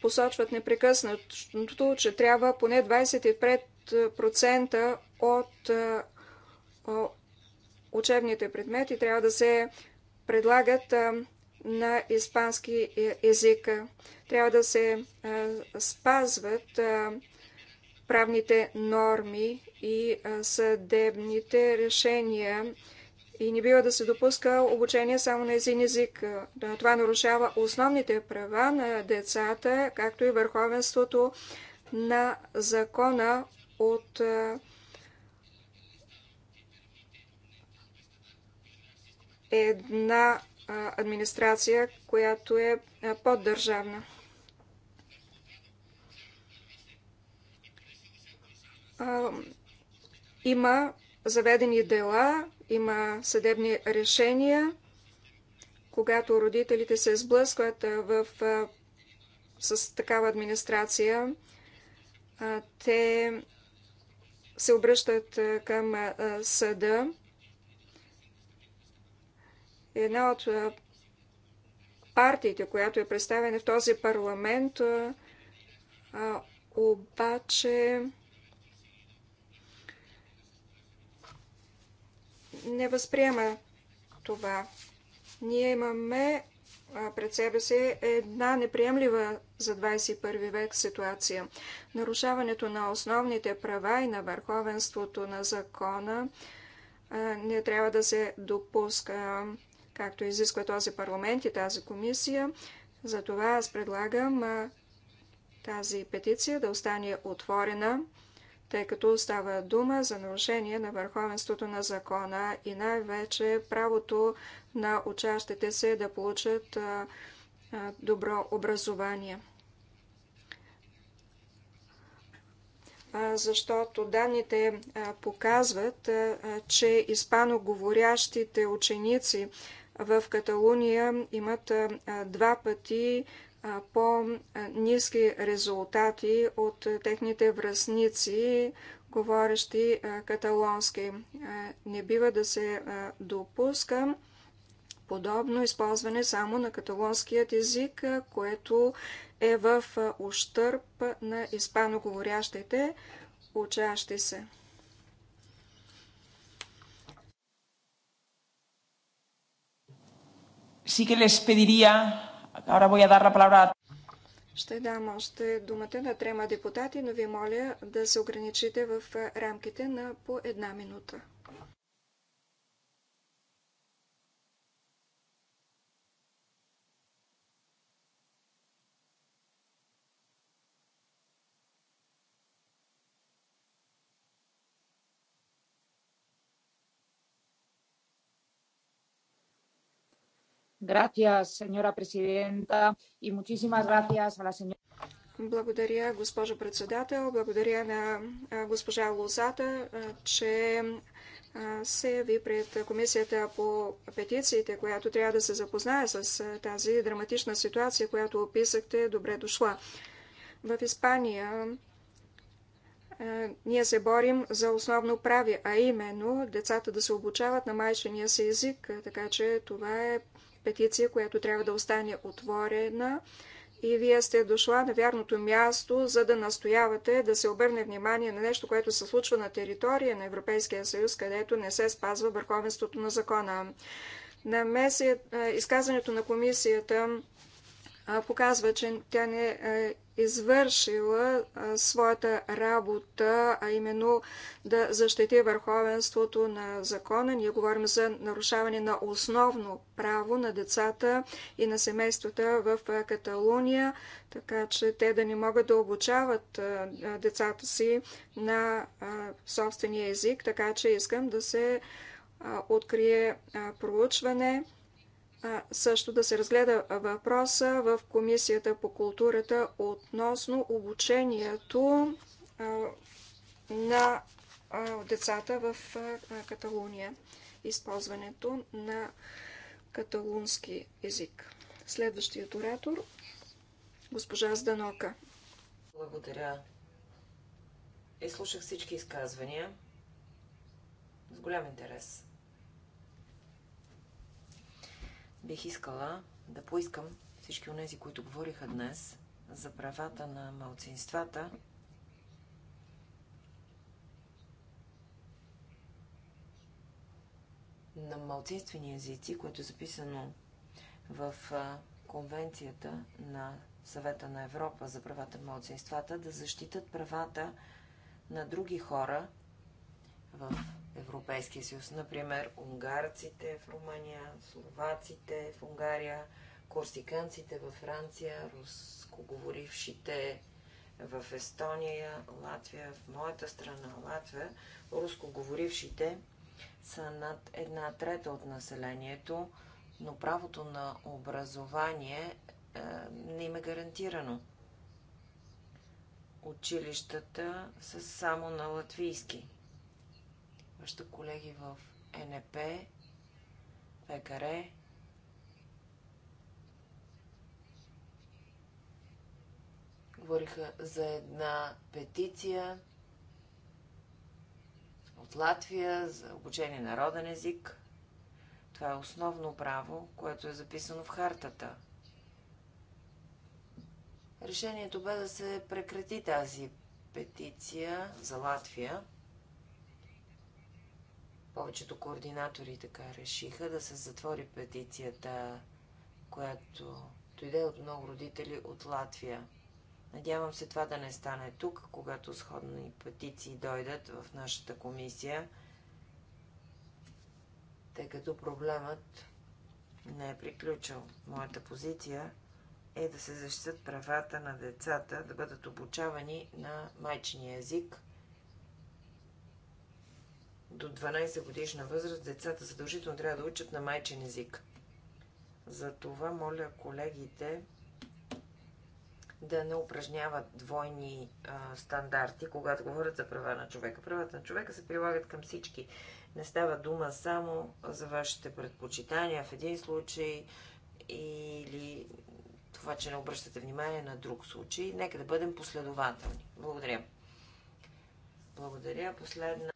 посочват непрекъснато, че трябва поне 25 процента от учебните предмети трябва да се предлагат на испански е, език. Трябва да се спазват правните норми и съдебните решения. И не бива да се допуска обучение само на един език. Това нарушава основните права на децата, както и върховенството на закона от една администрация, която е поддържавна. Има заведени дела, има съдебни решения, когато родителите се сблъскват в, с такава администрация, те се обръщат към съда. Една от партиите, която е представена в този парламент, обаче не възприема това. Ние имаме пред себе си една неприемлива за 21 век ситуация. Нарушаването на основните права и на върховенството на закона не трябва да се допуска, както изисква този парламент и тази комисия. Затова аз предлагам тази петиция да остане отворена, тъй като става дума за нарушение на върховенството на закона и най-вече правото на учащите се да получат добро образование. Защото данните показват, че испаноговорящите ученици в Каталуния имат два пъти по-низки резултати от техните връзници, говорещи каталонски. Не бива да се допуска подобно използване само на каталонският език, което е в ущърп на испаноговорящите учащи се. Sí que les pediría, ahora voy a dar la palabra ще дам още думата на трема депутати, но ви моля да се ограничите в рамките на по една минута. Gracias, señora presidenta, y muchísimas gracias a la señora. Благодаря, госпожо председател. Благодаря на госпожа Лозата, че се яви пред комисията по петициите, която трябва да се запознае с тази драматична ситуация, която описахте. Добре дошла. В Испания ние се борим за основно прави, а именно децата да се обучават на майчения си език, така че това е петиция, която трябва да остане отворена. И вие сте дошла на вярното място, за да настоявате да се обърне внимание на нещо, което се случва на територия на Европейския съюз, където не се спазва върховенството на закона. На месец изказването на комисията показва, че тя не е, е извършила своята работа, а именно да защити върховенството на закона. Ние говорим за нарушаване на основно право на децата и на семействата в Каталуния, така че те да не могат да обучават децата си на собствения език, така че искам да се открие проучване също да се разгледа въпроса в Комисията по културата относно обучението на децата в Каталуния, използването на каталунски език. Следващият оратор госпожа Зданока. Благодаря. Изслушах всички изказвания с голям интерес. Бих искала да поискам всички от тези, които говориха днес за правата на малцинствата, на малцинствени езици, което е записано в Конвенцията на Съвета на Европа за правата на малцинствата, да защитат правата на други хора в Европейския съюз. Например, унгарците в Румъния, словаците в Унгария, корсиканците във Франция, рускоговорившите в Естония, Латвия, в моята страна Латвия, рускоговорившите са над една трета от населението, но правото на образование е, не им е гарантирано. Училищата са само на латвийски вашите колеги в НП, ВКР, говориха за една петиция от Латвия за обучение на роден език. Това е основно право, което е записано в хартата. Решението бе да се прекрати тази петиция за Латвия. Повечето координатори така решиха да се затвори петицията, която дойде от много родители от Латвия. Надявам се това да не стане тук, когато сходни петиции дойдат в нашата комисия, тъй като проблемът не е приключил. Моята позиция е да се защитят правата на децата да бъдат обучавани на майчиния език до 12 годишна възраст децата задължително трябва да учат на майчен език. Затова моля колегите да не упражняват двойни а, стандарти, когато говорят за права на човека. Правата на човека се прилагат към всички. Не става дума само за вашите предпочитания в един случай или това, че не обръщате внимание на друг случай. Нека да бъдем последователни. Благодаря. Благодаря. Последна.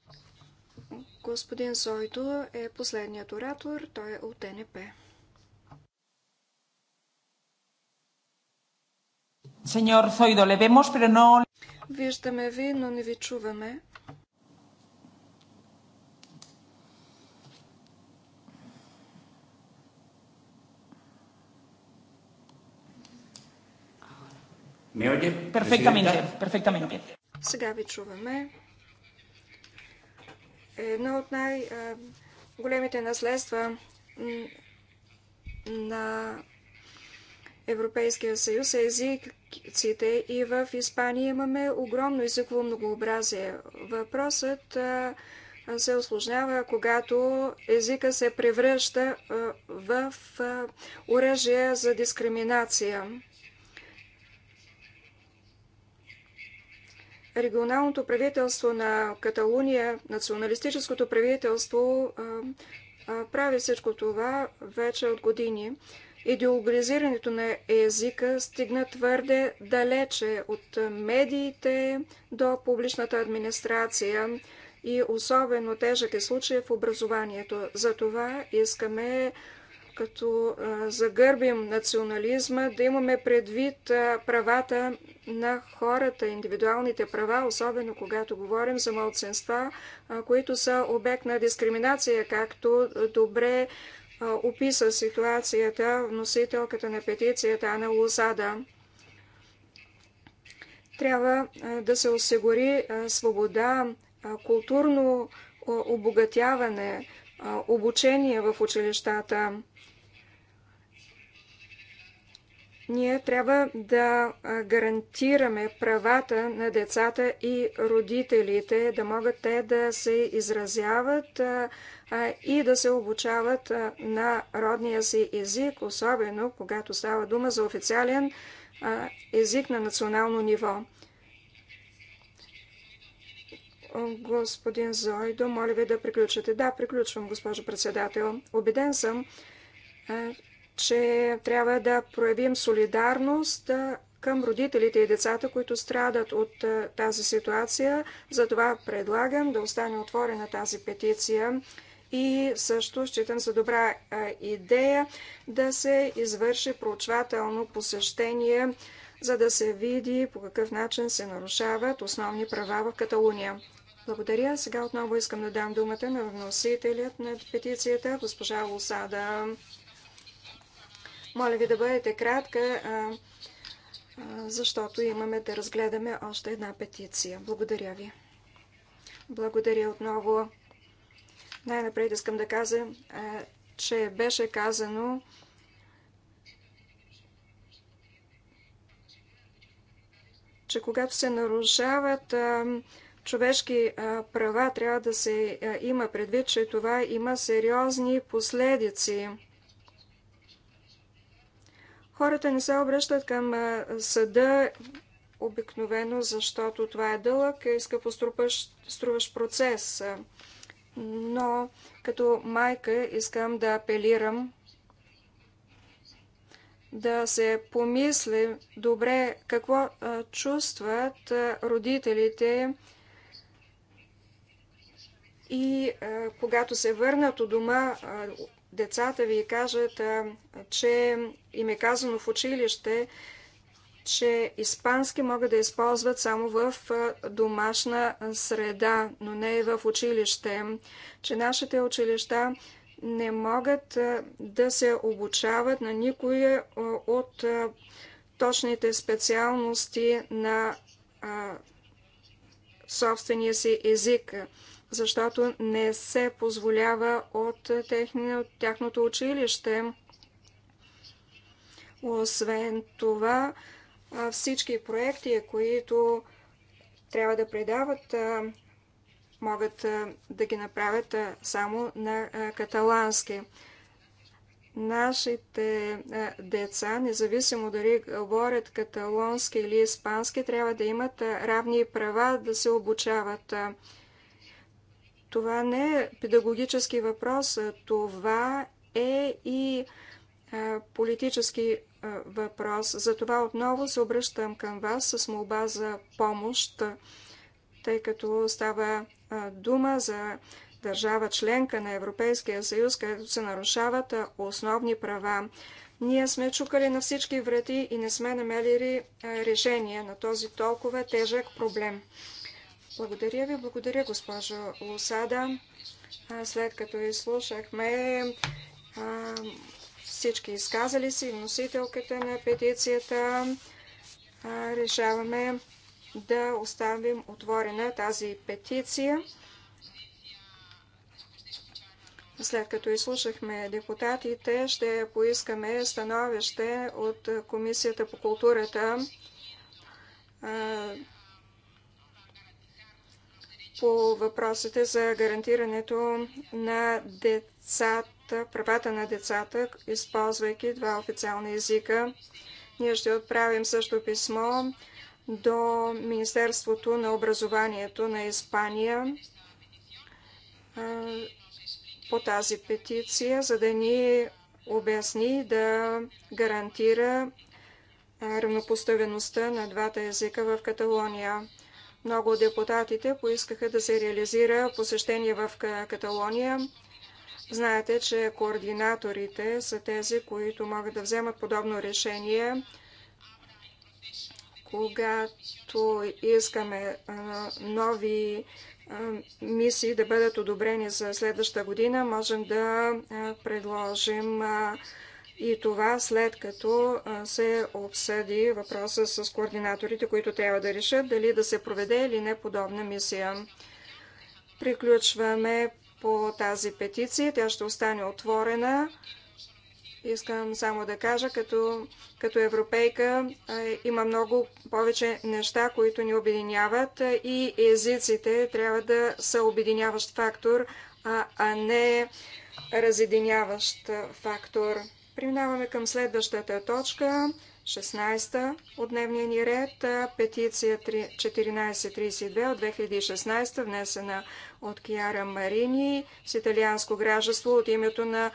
Господин Сойто е последният оратор. Той е от НП. Сеньор Zoido, ле vemos, pero no... Виждаме ви, но не ви чуваме. Ме оye? Perfectamente, perfectamente. Сега ви чуваме едно от най-големите наследства на Европейския съюз е езиците и в Испания имаме огромно езиково многообразие. Въпросът се осложнява, когато езика се превръща в оръжие за дискриминация. регионалното правителство на Каталуния, националистическото правителство, прави всичко това вече от години. Идеологизирането на езика стигна твърде далече от медиите до публичната администрация и особено тежък е случай в образованието. Затова искаме като загърбим национализма, да имаме предвид правата на хората, индивидуалните права, особено когато говорим за младсенства, които са обект на дискриминация, както добре описа ситуацията вносителката на петицията Ана Лозада. Трябва да се осигури свобода, културно обогатяване, обучение в училищата. Ние трябва да гарантираме правата на децата и родителите, да могат те да се изразяват и да се обучават на родния си език, особено когато става дума за официален език на национално ниво. Господин Зойдо, моля ви да приключите. Да, приключвам, госпожо председател. Обеден съм, че трябва да проявим солидарност към родителите и децата, които страдат от тази ситуация. Затова предлагам да остане отворена тази петиция и също считам за добра идея да се извърши проучвателно посещение, за да се види по какъв начин се нарушават основни права в Каталуния. Благодаря. Сега отново искам да дам думата на вносителят на петицията, госпожа Лусада. Моля ви да бъдете кратка, защото имаме да разгледаме още една петиция. Благодаря ви. Благодаря отново. Най-напред искам да кажа, че беше казано, че когато се нарушават човешки права, трябва да се има предвид, че това има сериозни последици. Хората не се обръщат към съда обикновено, защото това е дълъг и струваш процес. Но като майка искам да апелирам да се помисли добре какво чувстват родителите и когато се върнат от дома децата ви кажат, че им е казано в училище, че испански могат да използват само в домашна среда, но не в училище, че нашите училища не могат да се обучават на никой от точните специалности на собствения си език защото не се позволява от, техни, от тяхното училище. Освен това, всички проекти, които трябва да предават, могат да ги направят само на каталански. Нашите деца, независимо дали говорят каталонски или испански, трябва да имат равни права да се обучават. Това не е педагогически въпрос, това е и политически въпрос. Затова отново се обръщам към вас с молба за помощ, тъй като става дума за държава членка на Европейския съюз, където се нарушават основни права. Ние сме чукали на всички врати и не сме намерили решение на този толкова тежък проблем. Благодаря ви, благодаря госпожо Лусада. След като изслушахме всички изказали си, носителката на петицията, решаваме да оставим отворена тази петиция. След като изслушахме депутатите, ще поискаме становище от Комисията по културата по въпросите за гарантирането на децата, правата на децата, използвайки два официални езика. Ние ще отправим също писмо до Министерството на образованието на Испания по тази петиция, за да ни обясни да гарантира равнопоставеността на двата езика в Каталония. Много от депутатите поискаха да се реализира посещение в Каталония. Знаете, че координаторите са тези, които могат да вземат подобно решение, когато искаме нови мисии да бъдат одобрени за следваща година, можем да предложим и това след като се обсъди въпроса с координаторите, които трябва да решат дали да се проведе или не подобна мисия. Приключваме по тази петиция. Тя ще остане отворена. Искам само да кажа, като, като европейка има много повече неща, които ни обединяват и езиците трябва да са обединяващ фактор, а, а не разединяващ фактор. Преминаваме към следващата точка, 16-та от дневния ни ред, петиция 1432 от 2016, внесена от Киара Марини с италианско гражданство от името на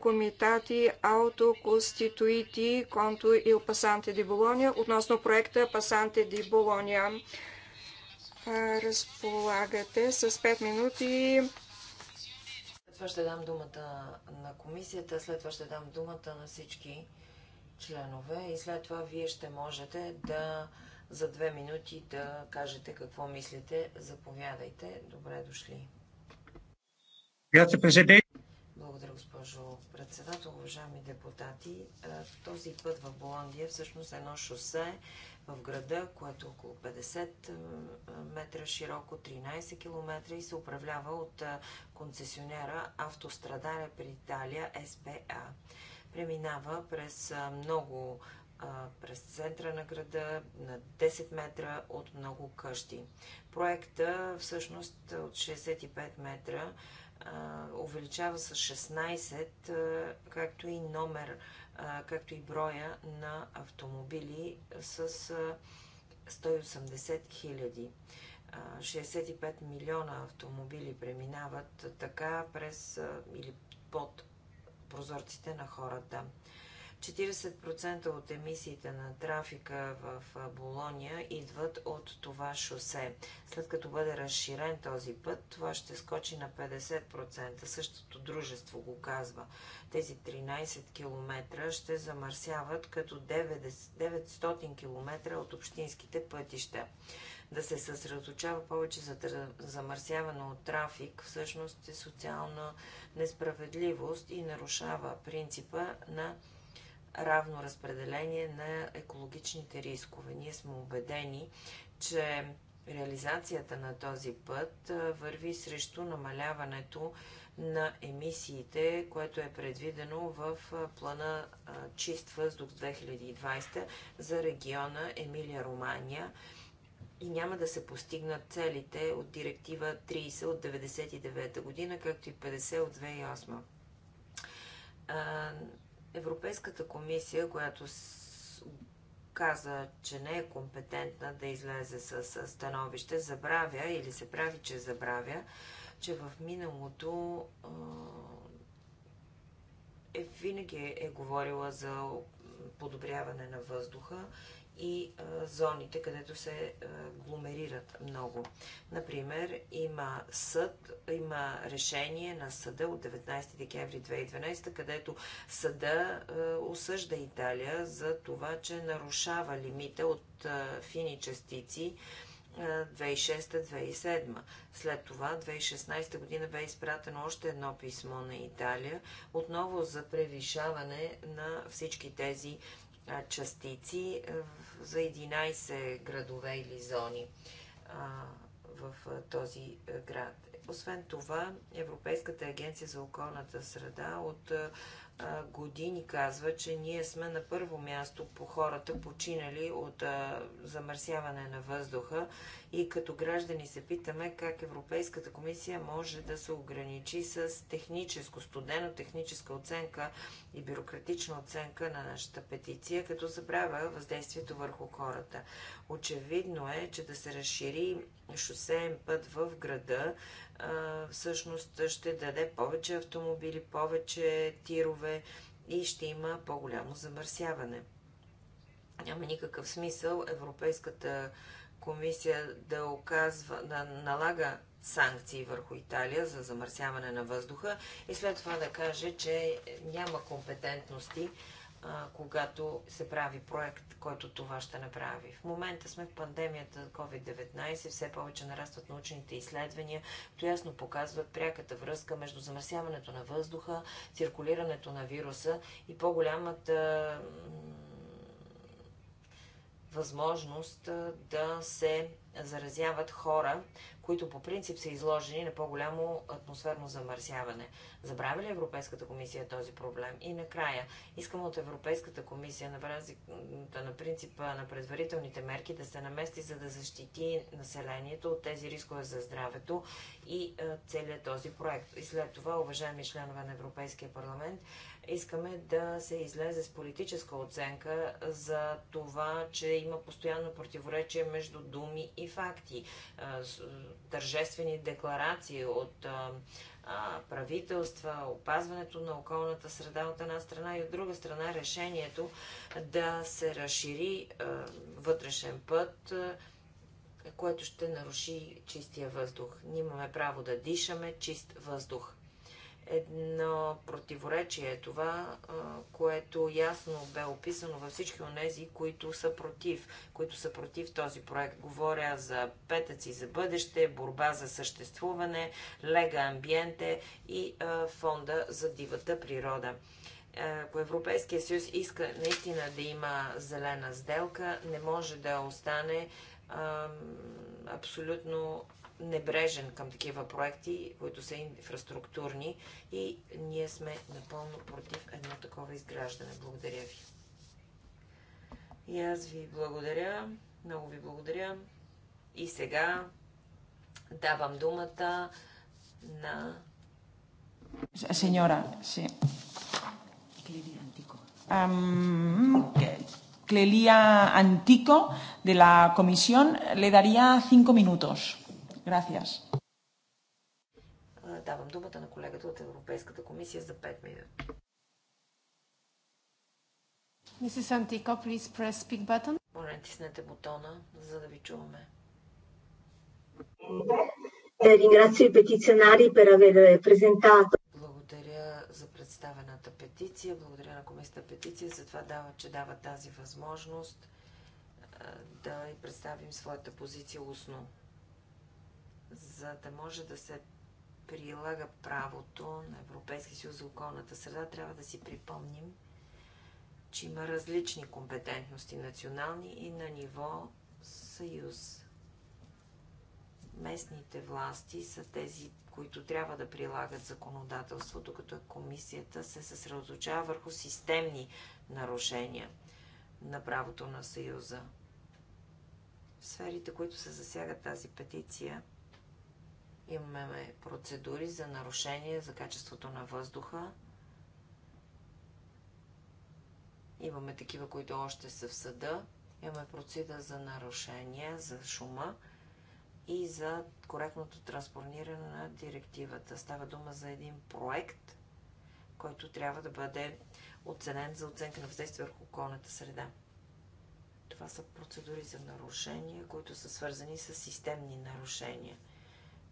комитати Ауто Коституити Конто и Пасанте ди Болония относно проекта Пасанте ди Болония. Разполагате с 5 минути това ще дам думата на комисията, след това ще дам думата на всички членове и след това вие ще можете да за две минути да кажете какво мислите. Заповядайте. Добре дошли. Grazie благодаря, госпожо председател, уважаеми депутати. Този път в Боландия всъщност е едно шосе в града, което е около 50 метра широко, 13 км и се управлява от концесионера Автострадаре при Италия СПА. Преминава през много през центъра на града на 10 метра от много къщи. Проекта всъщност е от 65 метра увеличава с 16, както и номер, както и броя на автомобили с 180 хиляди. 65 милиона автомобили преминават така през или под прозорците на хората. 40% от емисиите на трафика в Болония идват от това шосе. След като бъде разширен този път, това ще скочи на 50%. Същото дружество го казва. Тези 13 км ще замърсяват като 900 км от общинските пътища. Да се съсредоточава повече за замърсяване от трафик, всъщност е социална несправедливост и нарушава принципа на равно разпределение на екологичните рискове. Ние сме убедени, че реализацията на този път върви срещу намаляването на емисиите, което е предвидено в плана Чист въздух 2020 за региона Емилия-Романия и няма да се постигнат целите от директива 30 от 99 година, както и 50 от 2008. Европейската комисия, която каза, че не е компетентна да излезе с становище, забравя или се прави, че забравя, че в миналото е, винаги е, е говорила за подобряване на въздуха и а, зоните, където се а, гломерират много. Например, има съд, има решение на съда от 19 декември 2012, където съда а, осъжда Италия за това, че нарушава лимита от а, фини частици 2006-2007. След това 2016 година бе изпратено още едно писмо на Италия, отново за превишаване на всички тези частици за 11 градове или зони в този град. Освен това, Европейската агенция за околната среда от години казва, че ние сме на първо място по хората, починали от замърсяване на въздуха и като граждани се питаме как Европейската комисия може да се ограничи с техническо, студено техническа оценка и бюрократична оценка на нашата петиция, като забравя въздействието върху хората. Очевидно е, че да се разшири шосеен път в града всъщност ще даде повече автомобили, повече тирове и ще има по-голямо замърсяване. Няма никакъв смисъл Европейската комисия да оказва, да налага санкции върху Италия за замърсяване на въздуха и след това да каже, че няма компетентности когато се прави проект, който това ще направи. В момента сме в пандемията COVID-19, все повече нарастват научните изследвания, които ясно показват пряката връзка между замърсяването на въздуха, циркулирането на вируса и по-голямата възможност да се заразяват хора които по принцип са изложени на по-голямо атмосферно замърсяване. Забравя ли Европейската комисия този проблем? И накрая, искам от Европейската комисия на базата на принципа на предварителните мерки да се намести, за да защити населението от тези рискове за здравето и е, целият този проект. И след това, уважаеми членове на Европейския парламент, искаме да се излезе с политическа оценка за това, че има постоянно противоречие между думи и факти. Е, тържествени декларации, от а, а, правителства, опазването на околната среда от една страна и от друга страна решението да се разшири а, вътрешен път, което ще наруши чистия въздух. Ние имаме право да дишаме чист въздух едно противоречие. Е това, което ясно бе описано във всички тези, които са против, които са против този проект. Говоря за петъци за бъдеще, борба за съществуване, лега амбиенте и фонда за дивата природа е, ако Европейския съюз иска наистина да има зелена сделка, не може да остане абсолютно небрежен към такива проекти, които са инфраструктурни и ние сме напълно против едно такова изграждане. Благодаря ви. И аз ви благодаря. Много ви благодаря. И сега давам думата на... Сеньора, си. Клелия Антико. Ам... Clelia Antico, de la comisión, le daría cinco minutos. Gracias. Давам думата на колегата от Европейската комисия за 5 минути. Mrs. Antico, please press speak button. Моля, натиснете бутона, за да ви чуваме. Е, е Благодаря за представената петиция. Благодаря на комисията петиция за това, дава, че дава тази възможност да и представим своята позиция устно за да може да се прилага правото на Европейския съюз за околната среда, трябва да си припомним, че има различни компетентности национални и на ниво съюз. Местните власти са тези, които трябва да прилагат законодателство, докато комисията се съсредоточава върху системни нарушения на правото на съюза. В сферите, които се засягат тази петиция, Имаме процедури за нарушение за качеството на въздуха. Имаме такива, които още са в съда. Имаме процеда за нарушение, за шума и за коректното транспониране на директивата. Става дума за един проект, който трябва да бъде оценен за оценка на въздействие върху околната среда. Това са процедури за нарушения, които са свързани с системни нарушения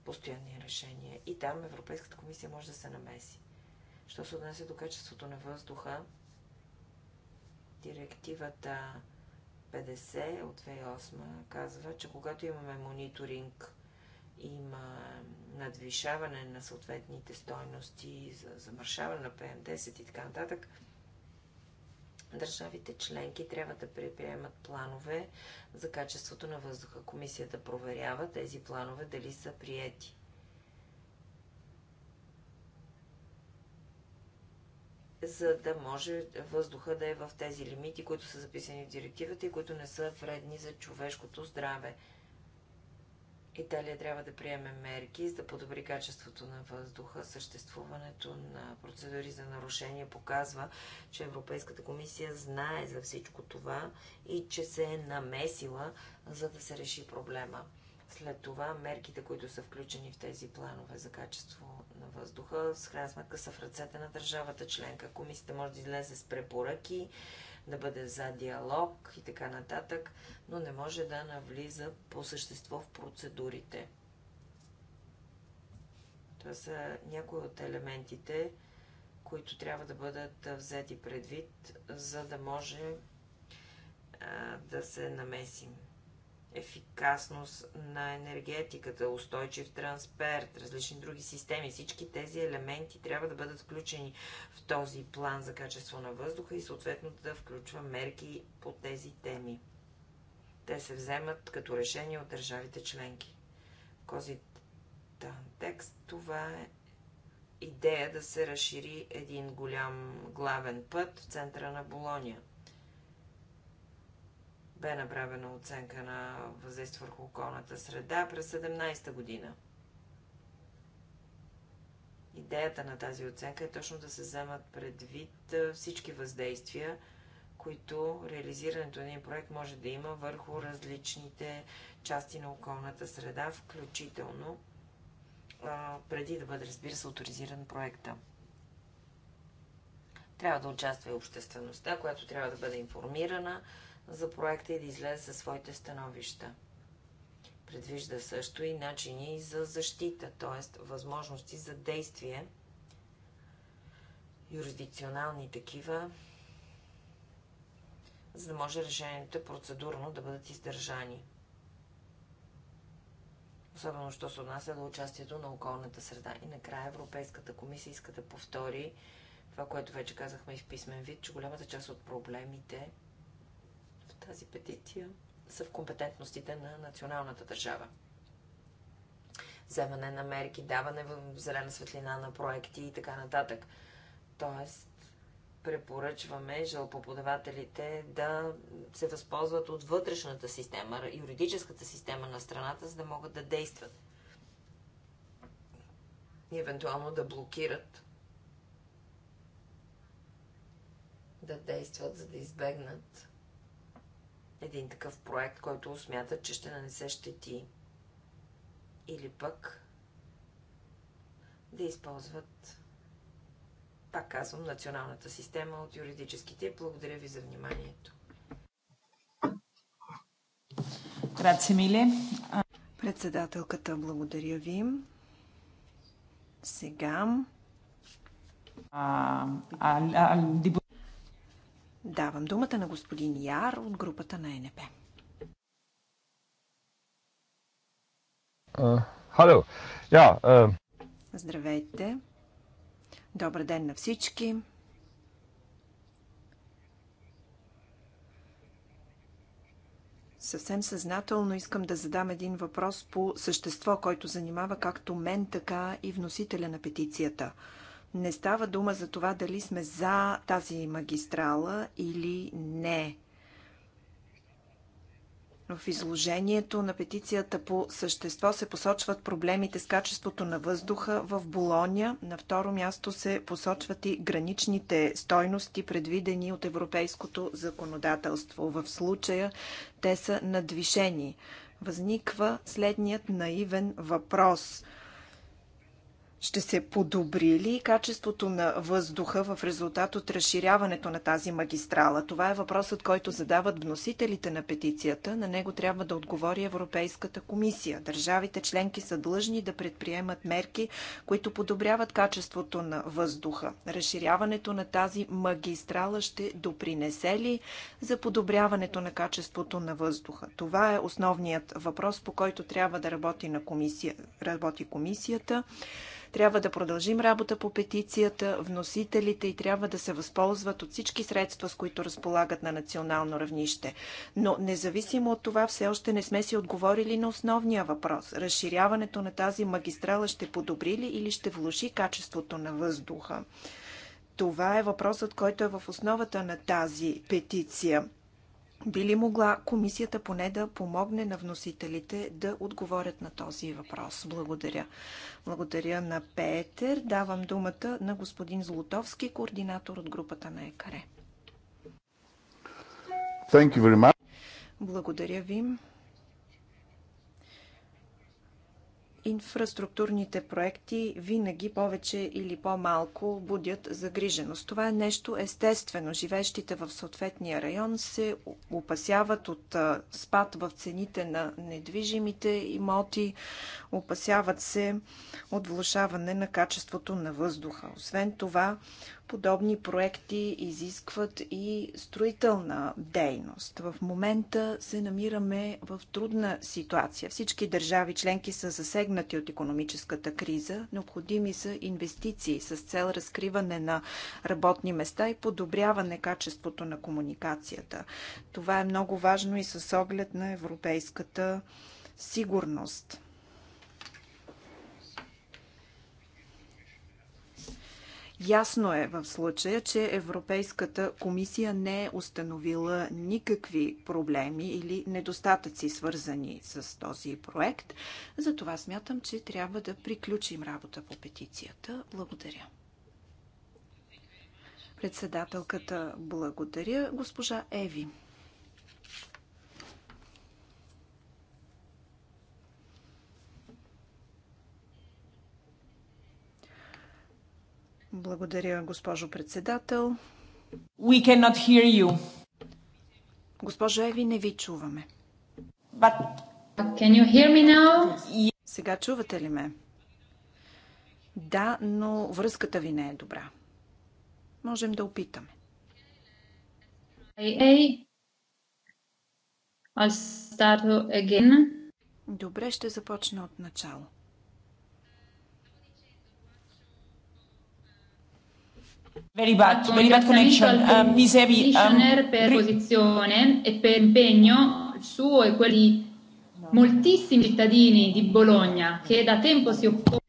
постоянни решения. И там Европейската комисия може да се намеси. Що се отнася до качеството на въздуха, директивата 50 от 2008 казва, че когато имаме мониторинг, има надвишаване на съответните стойности за замършаване на ПМ10 и така нататък, Държавите членки трябва да предприемат планове за качеството на въздуха. Комисията проверява тези планове дали са приети. за да може въздуха да е в тези лимити, които са записани в директивата и които не са вредни за човешкото здраве. Италия трябва да приеме мерки, за да подобри качеството на въздуха. Съществуването на процедури за нарушение показва, че Европейската комисия знае за всичко това и че се е намесила, за да се реши проблема. След това мерките, които са включени в тези планове за качество на въздуха, с крайна сметка са в ръцете на държавата членка. Комисията може да излезе с препоръки, да бъде за диалог и така нататък, но не може да навлиза по същество в процедурите. Това са някои от елементите, които трябва да бъдат взети предвид, за да може а, да се намесим ефикасност на енергетиката, устойчив трансперт, различни други системи. Всички тези елементи трябва да бъдат включени в този план за качество на въздуха и съответно да включва мерки по тези теми. Те се вземат като решение от държавите членки. В този текст това е идея да се разшири един голям главен път в центъра на Болония – бе направена оценка на въздействие върху околната среда през 17-та година. Идеята на тази оценка е точно да се вземат предвид всички въздействия, които реализирането на един проект може да има върху различните части на околната среда, включително преди да бъде, разбира се, авторизиран проекта. Трябва да участва и обществеността, която трябва да бъде информирана за проекта и да излезе със своите становища. Предвижда също и начини за защита, т.е. възможности за действие, юрисдикционални такива, за да може решенията процедурно да бъдат издържани. Особено, що се отнася до участието на околната среда. И накрая Европейската комисия иска да повтори това, което вече казахме и в писмен вид, че голямата част от проблемите тази петиция са в компетентностите на националната държава. Вземане на мерки, даване в зелена светлина на проекти и така нататък. Тоест, препоръчваме жалпоподавателите да се възползват от вътрешната система, юридическата система на страната, за да могат да действат. И евентуално да блокират, да действат, за да избегнат един такъв проект, който смятат, че ще нанесе щети. Или пък да използват, пак казвам, националната система от юридическите. Благодаря ви за вниманието. Грация, мили. Председателката, благодаря ви. Сега. А, а, а, Давам думата на господин Яр от групата на НП. Хало. Я. Yeah, uh... Здравейте. Добър ден на всички. Съвсем съзнателно искам да задам един въпрос по същество, който занимава както мен, така и вносителя на петицията – не става дума за това дали сме за тази магистрала или не. В изложението на петицията по същество се посочват проблемите с качеството на въздуха в Болония. На второ място се посочват и граничните стойности, предвидени от европейското законодателство. В случая те са надвишени. Възниква следният наивен въпрос – ще се подобри ли качеството на въздуха в резултат от разширяването на тази магистрала? Това е въпросът, който задават вносителите на петицията. На него трябва да отговори Европейската комисия. Държавите членки са длъжни да предприемат мерки, които подобряват качеството на въздуха. Разширяването на тази магистрала ще допринесе ли за подобряването на качеството на въздуха? Това е основният въпрос, по който трябва да работи, на комисия, работи комисията. Трябва да продължим работа по петицията, вносителите и трябва да се възползват от всички средства, с които разполагат на национално равнище. Но независимо от това, все още не сме си отговорили на основния въпрос. Разширяването на тази магистрала ще подобри ли или ще влуши качеството на въздуха? Това е въпросът, който е в основата на тази петиция. Би ли могла комисията поне да помогне на вносителите да отговорят на този въпрос? Благодаря. Благодаря на Петър. Давам думата на господин Злотовски, координатор от групата на ЕКАРЕ. Благодаря ви. инфраструктурните проекти винаги повече или по-малко будят загриженост. Това е нещо естествено. Живещите в съответния район се опасяват от спад в цените на недвижимите имоти, опасяват се от влушаване на качеството на въздуха. Освен това, Подобни проекти изискват и строителна дейност. В момента се намираме в трудна ситуация. Всички държави членки са засегнати от економическата криза. Необходими са инвестиции с цел разкриване на работни места и подобряване качеството на комуникацията. Това е много важно и с оглед на европейската сигурност. Ясно е в случая, че Европейската комисия не е установила никакви проблеми или недостатъци, свързани с този проект. Затова смятам, че трябва да приключим работа по петицията. Благодаря. Председателката благодаря. Госпожа Еви. Благодаря, госпожо председател. We cannot hear you. Госпожо Еви, не ви чуваме. But... But can you hear me now? Сега чувате ли ме? Да, но връзката ви не е добра. Можем да опитаме. Hey, I'll start again. Добре, ще започна от начало. Very bad, un very bad connection. Um, mi sevi, um, per posizione e per impegno suo e quelli no. moltissimi cittadini di Bologna che da tempo si oppongono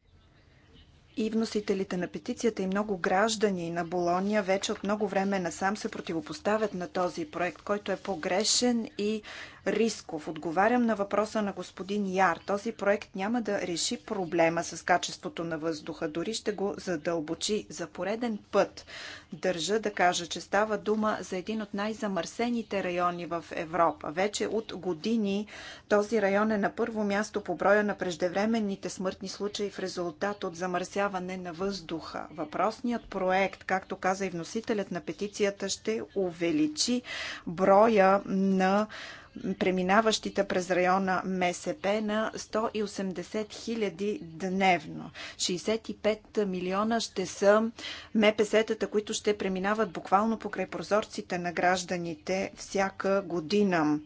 и вносителите на петицията и много граждани на Болония вече от много време насам се противопоставят на този проект, който е погрешен и рисков. Отговарям на въпроса на господин Яр. Този проект няма да реши проблема с качеството на въздуха, дори ще го задълбочи за пореден път. Държа да кажа, че става дума за един от най-замърсените райони в Европа. Вече от години този район е на първо място по броя на преждевременните смъртни случаи в резултат от замърсяване замърсяване на въздуха. Въпросният проект, както каза и вносителят на петицията, ще увеличи броя на преминаващите през района МСП на 180 хиляди дневно. 65 милиона ще са МПС-тата, които ще преминават буквално покрай прозорците на гражданите всяка година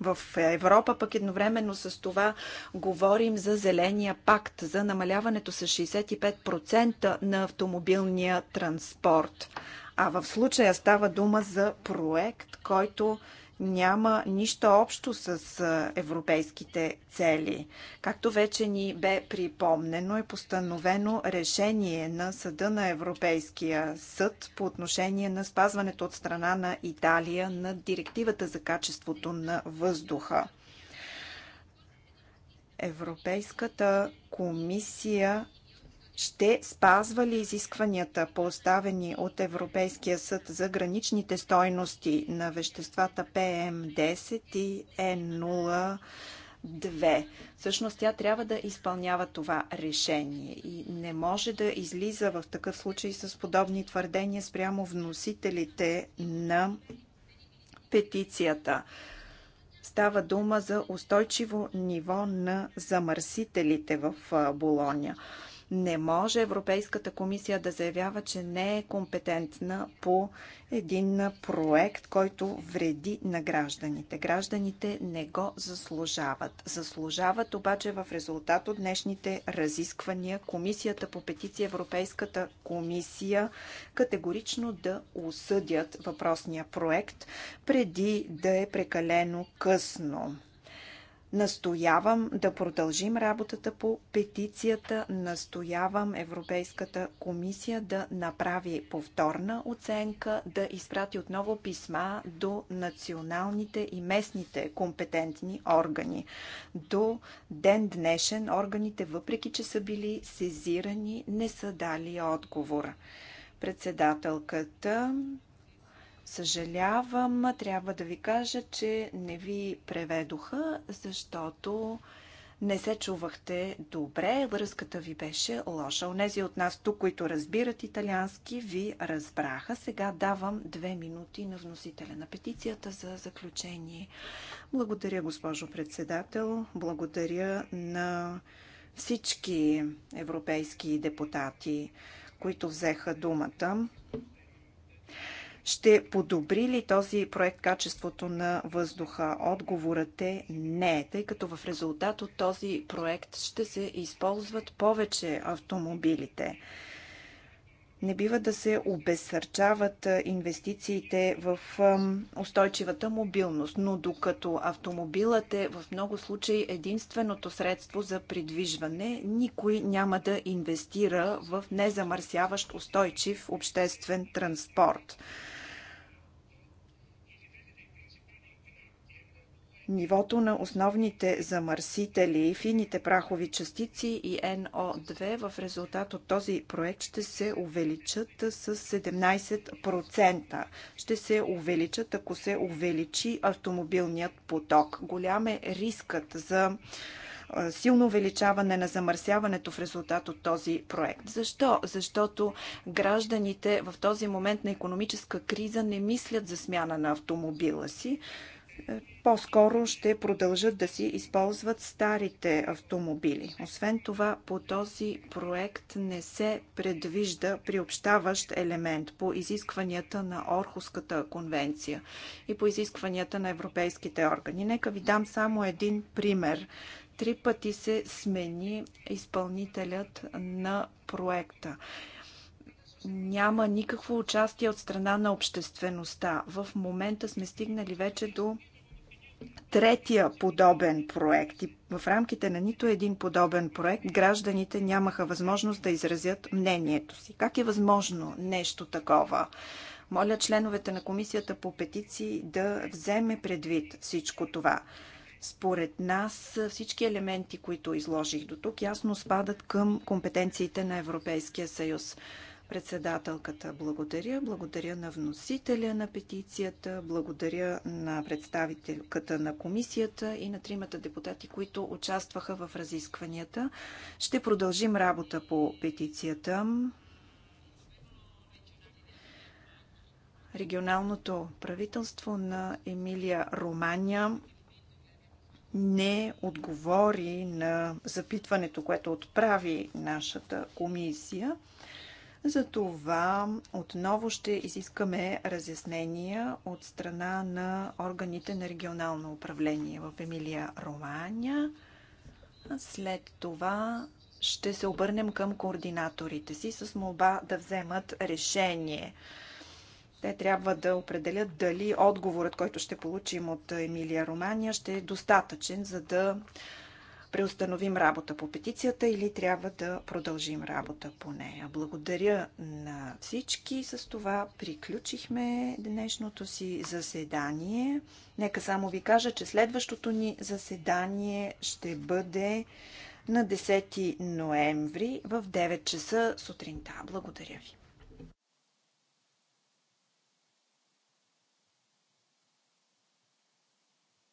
в Европа, пък едновременно с това говорим за Зеления пакт, за намаляването с 65% на автомобилния транспорт. А в случая става дума за проект, който няма нищо общо с европейските цели. Както вече ни бе припомнено, е постановено решение на Съда на Европейския съд по отношение на спазването от страна на Италия на директивата за качеството на въздуха. Европейската комисия ще спазва ли изискванията поставени от Европейския съд за граничните стойности на веществата PM10 и n 02 Всъщност тя трябва да изпълнява това решение и не може да излиза в такъв случай с подобни твърдения спрямо вносителите на петицията. Става дума за устойчиво ниво на замърсителите в Болония. Не може Европейската комисия да заявява, че не е компетентна по един проект, който вреди на гражданите. Гражданите не го заслужават. Заслужават обаче в резултат от днешните разисквания Комисията по петиция Европейската комисия категорично да осъдят въпросния проект преди да е прекалено късно. Настоявам да продължим работата по петицията, настоявам Европейската комисия да направи повторна оценка, да изпрати отново писма до националните и местните компетентни органи. До ден днешен органите, въпреки че са били сезирани, не са дали отговор, Председателката Съжалявам, трябва да ви кажа, че не ви преведоха, защото не се чувахте добре, връзката ви беше лоша. Онези от нас тук, които разбират италиански, ви разбраха. Сега давам две минути на вносителя на петицията за заключение. Благодаря, госпожо председател. Благодаря на всички европейски депутати, които взеха думата. Ще подобри ли този проект качеството на въздуха? Отговорът е не, тъй като в резултат от този проект ще се използват повече автомобилите. Не бива да се обесърчават инвестициите в устойчивата мобилност, но докато автомобилът е в много случаи единственото средство за придвижване, никой няма да инвестира в незамърсяващ устойчив обществен транспорт. нивото на основните замърсители, фините прахови частици и но 2 в резултат от този проект ще се увеличат с 17%. Ще се увеличат, ако се увеличи автомобилният поток. Голям е рискът за силно увеличаване на замърсяването в резултат от този проект. Защо? Защото гражданите в този момент на економическа криза не мислят за смяна на автомобила си по-скоро ще продължат да си използват старите автомобили. Освен това, по този проект не се предвижда приобщаващ елемент по изискванията на Орхуската конвенция и по изискванията на европейските органи. Нека ви дам само един пример. Три пъти се смени изпълнителят на проекта няма никакво участие от страна на обществеността. В момента сме стигнали вече до третия подобен проект. И в рамките на нито един подобен проект гражданите нямаха възможност да изразят мнението си. Как е възможно нещо такова? Моля членовете на комисията по петиции да вземе предвид всичко това. Според нас всички елементи, които изложих до тук, ясно спадат към компетенциите на Европейския съюз. Председателката благодаря. Благодаря на вносителя на петицията. Благодаря на представителката на комисията и на тримата депутати, които участваха в разискванията. Ще продължим работа по петицията. Регионалното правителство на Емилия Романия не отговори на запитването, което отправи нашата комисия. За това отново ще изискаме разяснения от страна на органите на регионално управление в Емилия Романя. След това ще се обърнем към координаторите си с молба да вземат решение. Те трябва да определят дали отговорът, който ще получим от Емилия Романия, ще е достатъчен, за да преустановим работа по петицията или трябва да продължим работа по нея. Благодаря на всички. С това приключихме днешното си заседание. Нека само ви кажа, че следващото ни заседание ще бъде на 10 ноември в 9 часа сутринта. Благодаря ви.